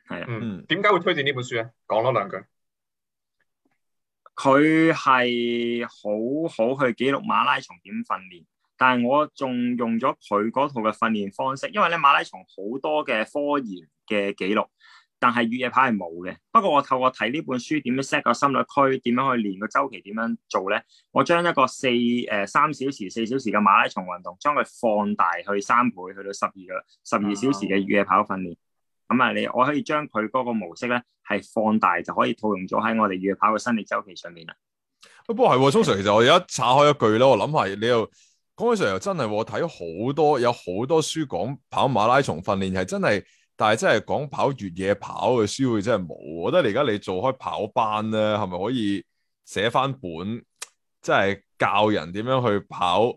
係啊。嗯，點解會推薦呢本書咧？講多兩句。佢係好好去記錄馬拉松點訓練，但係我仲用咗佢嗰套嘅訓練方式，因為咧馬拉松好多嘅科研嘅記錄。但係越野跑係冇嘅，不過我透過睇呢本書，點樣 set 個心率區，點樣去練個周期，點樣做咧？我將一個四誒三小時、四小時嘅馬拉松運動，將佢放大去三倍，去到十二個十二小時嘅越野跑訓練。咁啊、哦，嗯、你我可以將佢嗰個模式咧，係放大就可以套用咗喺我哋越野跑嘅生理周期上面啦、啊。不過係通常，聰 Sir，其實我而家岔開一句咧，我諗係你又講起上又真係，我睇好多有好多書講跑馬拉松訓練係真係。但係真係講跑越野跑嘅書，會真係冇。我覺得而家你做開跑班咧、啊，係咪可以寫翻本，即係教人點樣去跑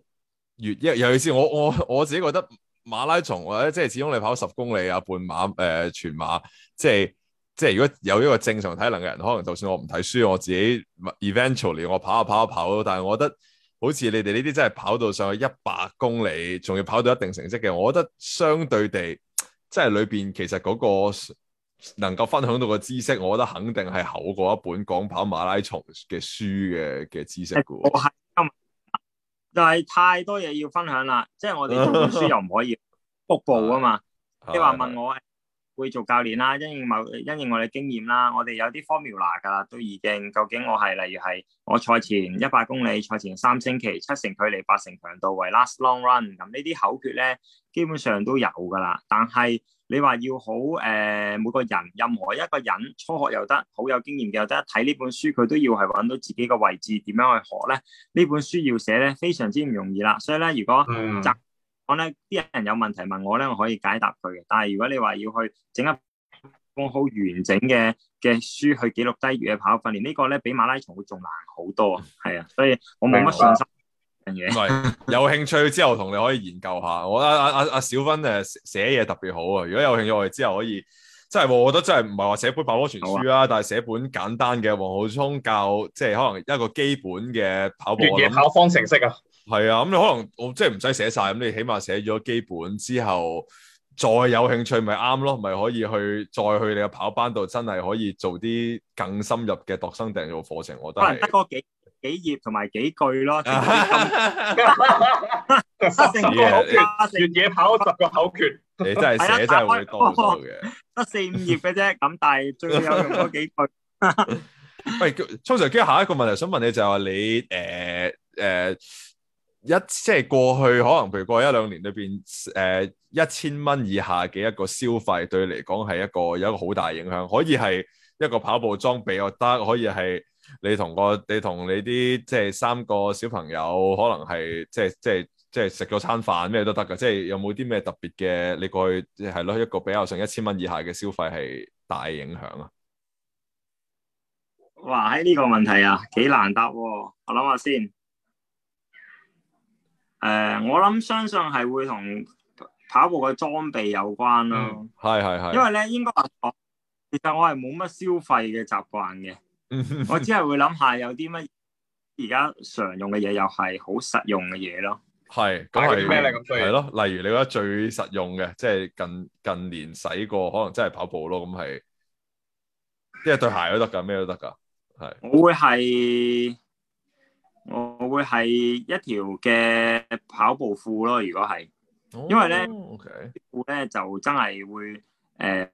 越野？尤其是我我我自己覺得馬拉松或者即係始終你跑十公里啊、半馬誒、呃、全馬，即係即係如果有一個正常體能嘅人，可能就算我唔睇書，我自己 eventually 我跑下、啊跑，啊、跑啊跑。但係我覺得好似你哋呢啲真係跑到上去一百公里，仲要跑到一定成績嘅，我覺得相對地。即係裏邊其實嗰個能夠分享到嘅知識，我覺得肯定係厚過一本講跑馬拉松嘅書嘅嘅知識噶喎。但係太多嘢要分享啦，即係我哋本書又唔可以複播啊嘛。你話問我？會做教練啦，因應某，因應我哋經驗啦，我哋有啲 formula 噶啦，都已經究竟我係例如係我賽前一百公里，賽前三星期七成距離八成強度為 last long run，咁呢啲口訣咧，基本上都有噶啦。但係你話要好誒、呃，每個人，任何一個人初學又得，好有經驗嘅又得，睇呢本書佢都要係揾到自己個位置，點樣去學咧？呢本書要寫咧，非常之唔容易啦。所以咧，如果、嗯講咧，啲人有問題問我咧，我可以解答佢嘅。但係如果你話要去整一本好完整嘅嘅書去記錄低越野跑訓練，這個、呢個咧比馬拉松會仲難好多啊。係啊，所以我冇乜信心好。樣嘢。 *laughs* 有興趣之後同你可以研究下。我阿阿阿阿小芬誒寫嘢特別好啊。如果有興趣，我哋之後可以，即係我覺得真係唔係話寫本百科全書啊，吧但係寫本簡單嘅黃浩聰教，即、就、係、是、可能一個基本嘅跑步。越野跑方程式啊！係啊，咁、嗯、你可能我即係唔使寫晒，咁、嗯、你起碼寫咗基本之後，再有興趣咪啱咯，咪可以去再去你個跑班度，真係可以做啲更深入嘅度身訂做課程。我覺得係多幾幾頁同埋幾句咯，十成 *laughs* 個, *laughs* 個口訣，嘢你跑十個口訣，你真係寫、啊、真係會多咗嘅，得四五頁嘅啫。咁 *laughs* 但係最有用都幾句。喂聰 sir 下一個問題想問你就話你誒誒。就是一即係、就是、過去可能譬如過去一兩年裏邊，誒一千蚊以下嘅一個消費對你嚟講係一個有一個好大影響，可以係一個跑步裝備又得，可以係你同個你同你啲即係三個小朋友，可能係即係即係即係食咗餐飯咩都得噶，即係有冇啲咩特別嘅你過去係咯一個比較上一千蚊以下嘅消費係大影響啊？哇，喺呢個問題啊，幾難答，我諗下先。誒，uh, 我諗相信係會同跑步嘅裝備有關咯。係係係。因為咧，應該話其實我係冇乜消費嘅習慣嘅。 *laughs* 我只係會諗下有啲乜而家常用嘅嘢，又係好實用嘅嘢咯。係，咁係咩嚟。係咯，例如你覺得最實用嘅，即係近近年使過，可能真係跑步咯。咁係，即係對鞋都得噶，咩都得噶。係。我會係。我會係一條嘅跑步褲咯，如果係，因為咧褲咧就真係會誒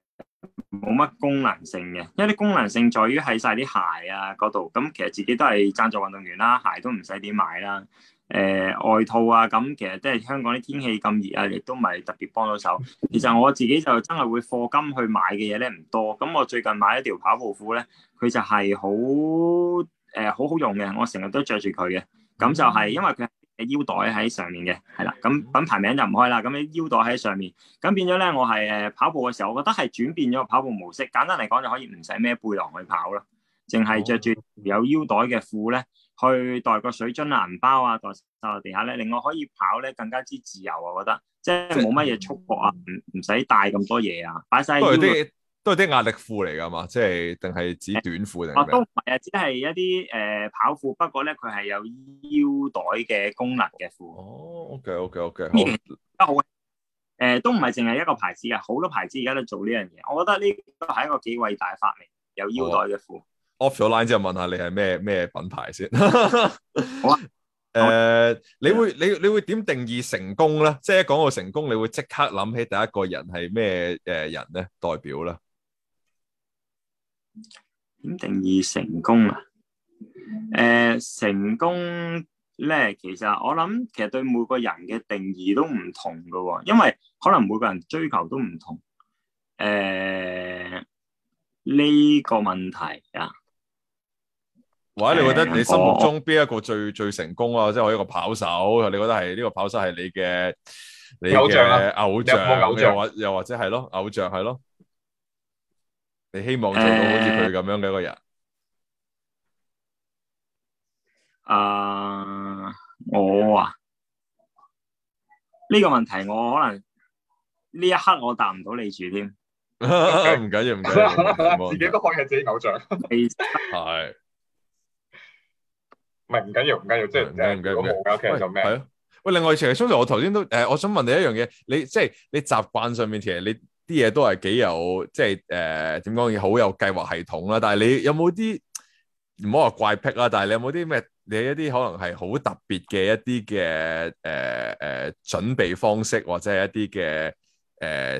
冇乜功能性嘅，因為啲功能性在於喺晒啲鞋啊嗰度。咁其實自己都係贊助運動員啦，鞋都唔使點買啦。誒、呃、外套啊，咁其實即係香港啲天氣咁熱啊，亦都唔係特別幫到手。其實我自己就真係會課金去買嘅嘢咧唔多。咁我最近買咗一條跑步褲咧，佢就係好。誒、呃、好好用嘅，我成日都着住佢嘅，咁就係、是、因為佢腰袋喺上面嘅，係啦，咁品牌名就唔開啦。咁腰袋喺上面，咁變咗咧，我係誒跑步嘅時候，我覺得係轉變咗跑步模式。簡單嚟講，就可以唔使孭背囊去跑咯，淨係着住有腰袋嘅褲咧，去代個水樽啊、銀包啊，代曬落地下咧，令我可以跑咧更加之自由、啊、我覺得即係冇乜嘢束覺啊，唔唔使帶咁多嘢啊，擺晒腰。都係啲壓力褲嚟噶嘛，即係定係指短褲定？哦，都唔係啊，只係一啲誒跑褲，不過咧佢係有腰帶嘅功能嘅褲。哦，OK，OK，OK，呢好誒，都唔係淨係一個牌子啊，好多牌子而家都做呢樣嘢。我覺得呢個係一個幾偉大嘅發明，有腰帶嘅褲。Off 咗 line 之後問下你係咩咩品牌先？好啊。誒，你會你你會點定義成功咧？即係一講到成功，你會即刻諗起第一個人係咩誒人咧？代表咧？點定義成功啊？誒、呃，成功咧，其實我諗，其實對每個人嘅定義都唔同噶、哦，因為可能每個人追求都唔同。誒、呃，呢、這個問題啊，或者你覺得你心目中邊一個最、呃、最，最成功啊？即係我一個跑手，你覺得係呢、這個跑手係你嘅你嘅偶像？偶像，偶像，啊、有有偶像？又或者係咯，偶像係咯。你希望做到好似佢咁樣嘅一個人？啊、呃，我啊，呢、這個問題我可能呢一刻我答唔到你住添。唔緊要，唔緊要， *laughs* 自己都害下自己偶像。係 *laughs* *laughs* 是。唔係唔緊要，唔緊要，即係唔緊要。我冇嘅，其，喂其實做咩？係咯。喂，另外，其實聰 Sir 我頭先都誒、嗯，我想問你一樣嘢，你即係你習慣上面其實你。你啲嘢都係幾有即係誒點講嘢，好有計劃系統啦，但係你有冇啲唔好話怪癖啦？但係你有冇啲咩？你一啲可能係好特別嘅一啲嘅，誒誒準備方式，或者係一啲嘅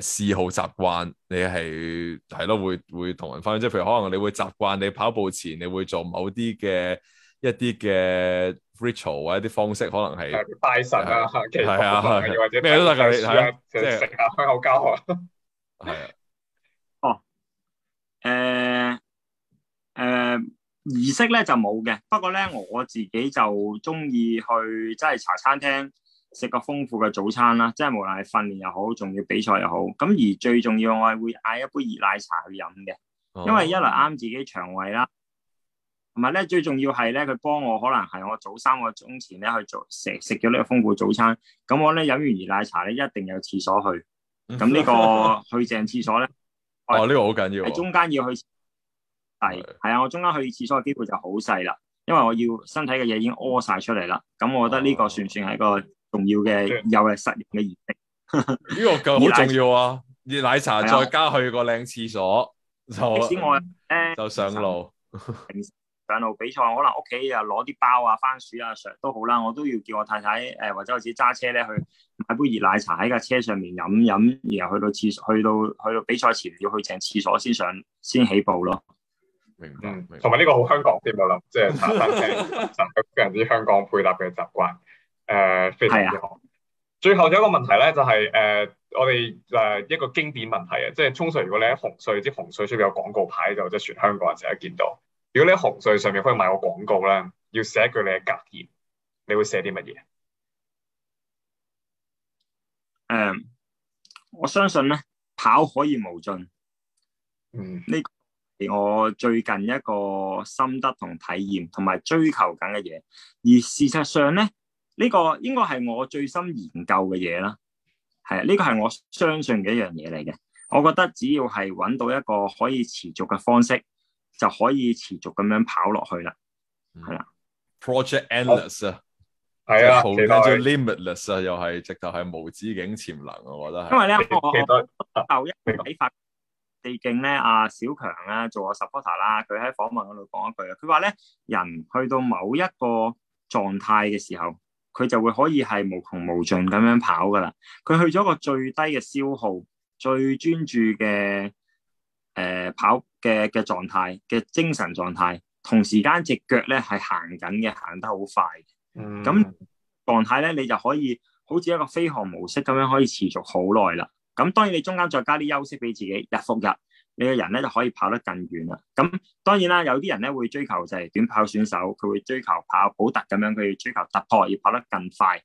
誒嗜好習慣？你係係咯，會會同人分享，即係譬如可能你會習慣你跑步前，你會做某啲嘅一啲嘅 ritual 或者一啲方式，可能係拜神啊，係啊，或者咩都得㗎，即係食下開口膠啊。係啊，哦，誒、呃、誒，儀、呃、式咧，就冇嘅，不過咧我自己就中意去即係茶餐廳食個豐富嘅早餐啦，即係無論係訓練又好，仲要比賽又好，咁而最重要是我係會嗌一杯熱奶茶去飲嘅，因為一嚟啱自己腸胃啦，同埋咧最重要係咧佢幫我可能係我早三個鐘前咧去做食食咗呢個豐富早餐，咁我咧飲完熱奶茶咧一定有廁所去。咁呢個去淨廁所咧？哦，呢個好緊要。你中間要去，係係啊！我中間去廁所嘅機會就好細啦，因為我要身體嘅嘢已經屙晒出嚟啦。咁我覺得呢個算算係一個重要嘅又係實用嘅儀式。呢個夠好重要啊！熱奶茶再加去個靚廁所，就就上路，上路比賽，可能屋企又攞啲包啊、番薯啊、水都好啦，我都要叫我太太誒、呃，或者我自己揸車咧去買杯熱奶茶喺架車上面飲飲，然後去到廁所，去到去到比賽前要去整廁所先上先起步咯。明白，同埋呢個好香港添，我諗，即係揸車就係、是、啲 *laughs* 香港配搭嘅習慣，誒、呃、非常之好。啊、最後有一個問題咧，就係、是、誒、呃、我哋誒、呃、一個經典問題啊，即係通常如果你喺紅隧，啲紅隧出邊有廣告牌就即、是、係全香港人成日見到。如果你喺紅隧上面可以買個廣告啦，要寫一句你嘅格言，你會寫啲乜嘢？嗯，我相信咧跑可以無盡。嗯，呢個係我最近一個心得同體驗，同埋追求緊嘅嘢。而事實上咧，呢個應該係我最深研究嘅嘢啦。係啊，呢個係我相信嘅一樣嘢嚟嘅。我覺得只要係搵到一個可以持續嘅方式。就可以持續咁樣跑落去啦，係啦、嗯。的 Project Endless 啊、哦，係啊，無限 limitless 啊，又係直頭係無止境潛能，我覺得。因為咧，我舊一睇法，地勁咧，阿小強啦、啊，做我 supporter 啦、啊，佢喺訪問嗰度講一句啊，佢話咧，人去到某一個狀態嘅時候，佢就會可以係無窮無盡咁樣跑噶啦。佢去咗個最低嘅消耗，最專注嘅誒、呃、跑。嘅嘅狀態，嘅精神狀態，同時間隻腳咧係行緊嘅，行得好快。嗯，咁狀態咧，你就可以好似一個飛航模式咁樣，可以持續好耐啦。咁當然你中間再加啲休息俾自己，日復日，你個人咧就可以跑得更遠啦。咁當然啦，有啲人咧會追求就係短跑選手，佢會追求跑普特咁樣，佢要追求突破，要跑得更快。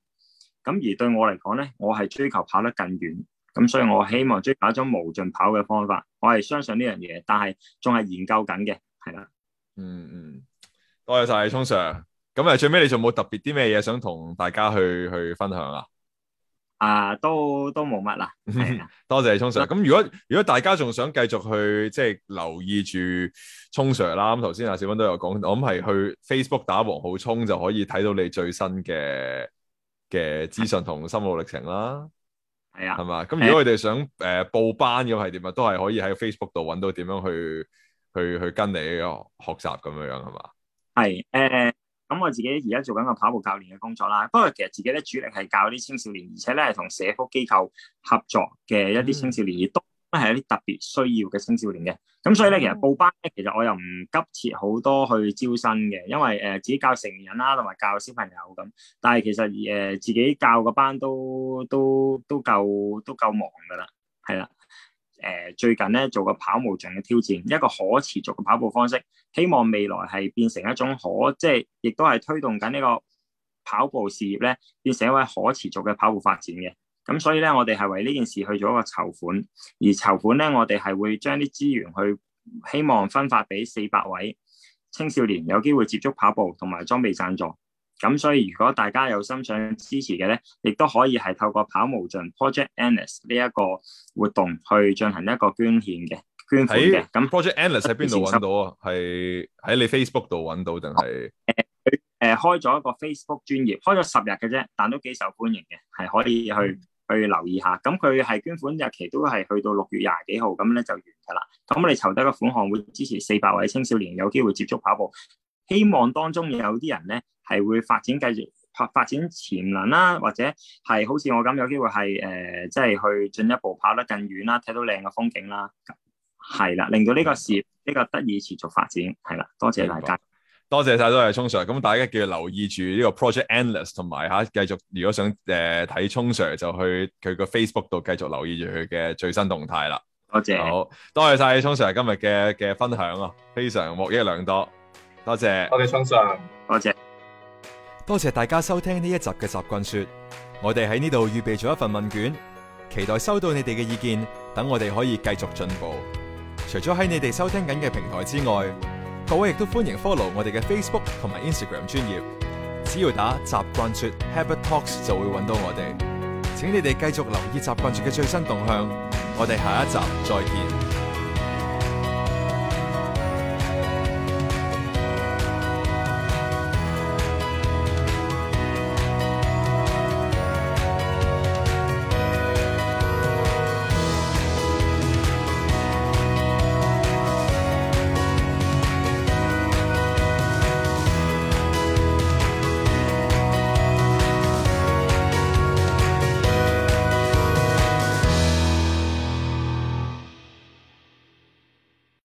咁而對我嚟講咧，我係追求跑得更遠。咁所以，我希望追求一種無盡跑嘅方法。我係相信呢樣嘢，但係仲係研究緊嘅，係啦。嗯嗯，多謝晒聰 Sir。咁啊，最尾你仲冇特別啲咩嘢想同大家去去分享啊？啊，都都冇乜啦。 *laughs* 多謝聰 Sir。咁如果如果大家仲想繼續去即係、就是、留意住聰 Sir 啦，咁頭先阿小芬都有講，我諗係去 Facebook 打黃浩聰就可以睇到你最新嘅嘅資訊同心路歷程啦。係啊，係嘛？咁如果佢哋想誒的、呃、報班咁係點啊？都係可以喺 Facebook 度揾到點樣去去去跟你學習咁樣樣係嘛？係誒，咁、呃、我自己而家做緊個跑步教練嘅工作啦。不過其實自己咧主力係教啲青少年，而且咧係同社福機構合作嘅一啲青少年而多。嗯係一啲特別需要嘅青少年嘅，咁所以咧，其實報班咧，其實我又唔急切好多去招生嘅，因為誒、呃、自己教成人啦，同埋教小朋友咁，但係其實誒、呃、自己教個班都都都夠都夠忙噶啦，係啦，誒、呃、最近咧做個跑步場嘅挑戰，一個可持續嘅跑步方式，希望未來係變成一種可即係，亦都係推動緊呢個跑步事業咧，變成一位可持續嘅跑步發展嘅。咁所以咧，我哋係為呢件事去做一個籌款，而籌款咧，我哋係會將啲資源去希望分發俾四百位青少年有機會接觸跑步同埋裝備贊助。咁所以，如果大家有心想支持嘅咧，亦都可以係透過跑無盡 Project Endless 呢一個活動去進行一個捐獻嘅捐款嘅。咁、哎、那 Project Endless 喺邊度揾到啊？係喺你 Facebook 度揾到定係？誒誒、呃呃呃，開咗一個 Facebook 專頁，開咗十日嘅啫，但都幾受歡迎嘅，係可以去、嗯。去留意下，咁佢係捐款，日期都係去到六月廿幾號，咁咧就完噶啦。咁我哋籌得嘅款項會支持四百位青少年有機會接觸跑步，希望當中有啲人咧係會發展，繼續發發展潛能啦，或者係好似我咁有機會係誒，即、呃、係、就是、去進一步跑得更遠啦，睇到靚嘅風景啦。係啦，令到呢個事業呢個得以持續發展。係啦，多謝大家。多謝晒，多謝聰 Sir。咁大家要留意住呢個 Project Endless，同埋吓繼續。如果想誒睇聰 Sir，就去佢個 Facebook 度繼續留意住佢嘅最新動態啦謝。多謝，好多謝晒聰 Sir 今日嘅嘅分享啊，非常獲益良多。多謝，我哋聰 Sir，多謝。多謝大家收聽呢一集嘅習慣說，我哋喺呢度預備咗一份問卷，期待收到你哋嘅意見，等我哋可以繼續進步。除咗喺你哋收聽緊嘅平台之外。各位亦都歡迎 follow 我哋嘅 Facebook 同埋 Instagram 專頁，只要打習慣説 Habit Talks 就會揾到我哋。請你哋繼續留意習慣説嘅最新動向。我哋下一集再見。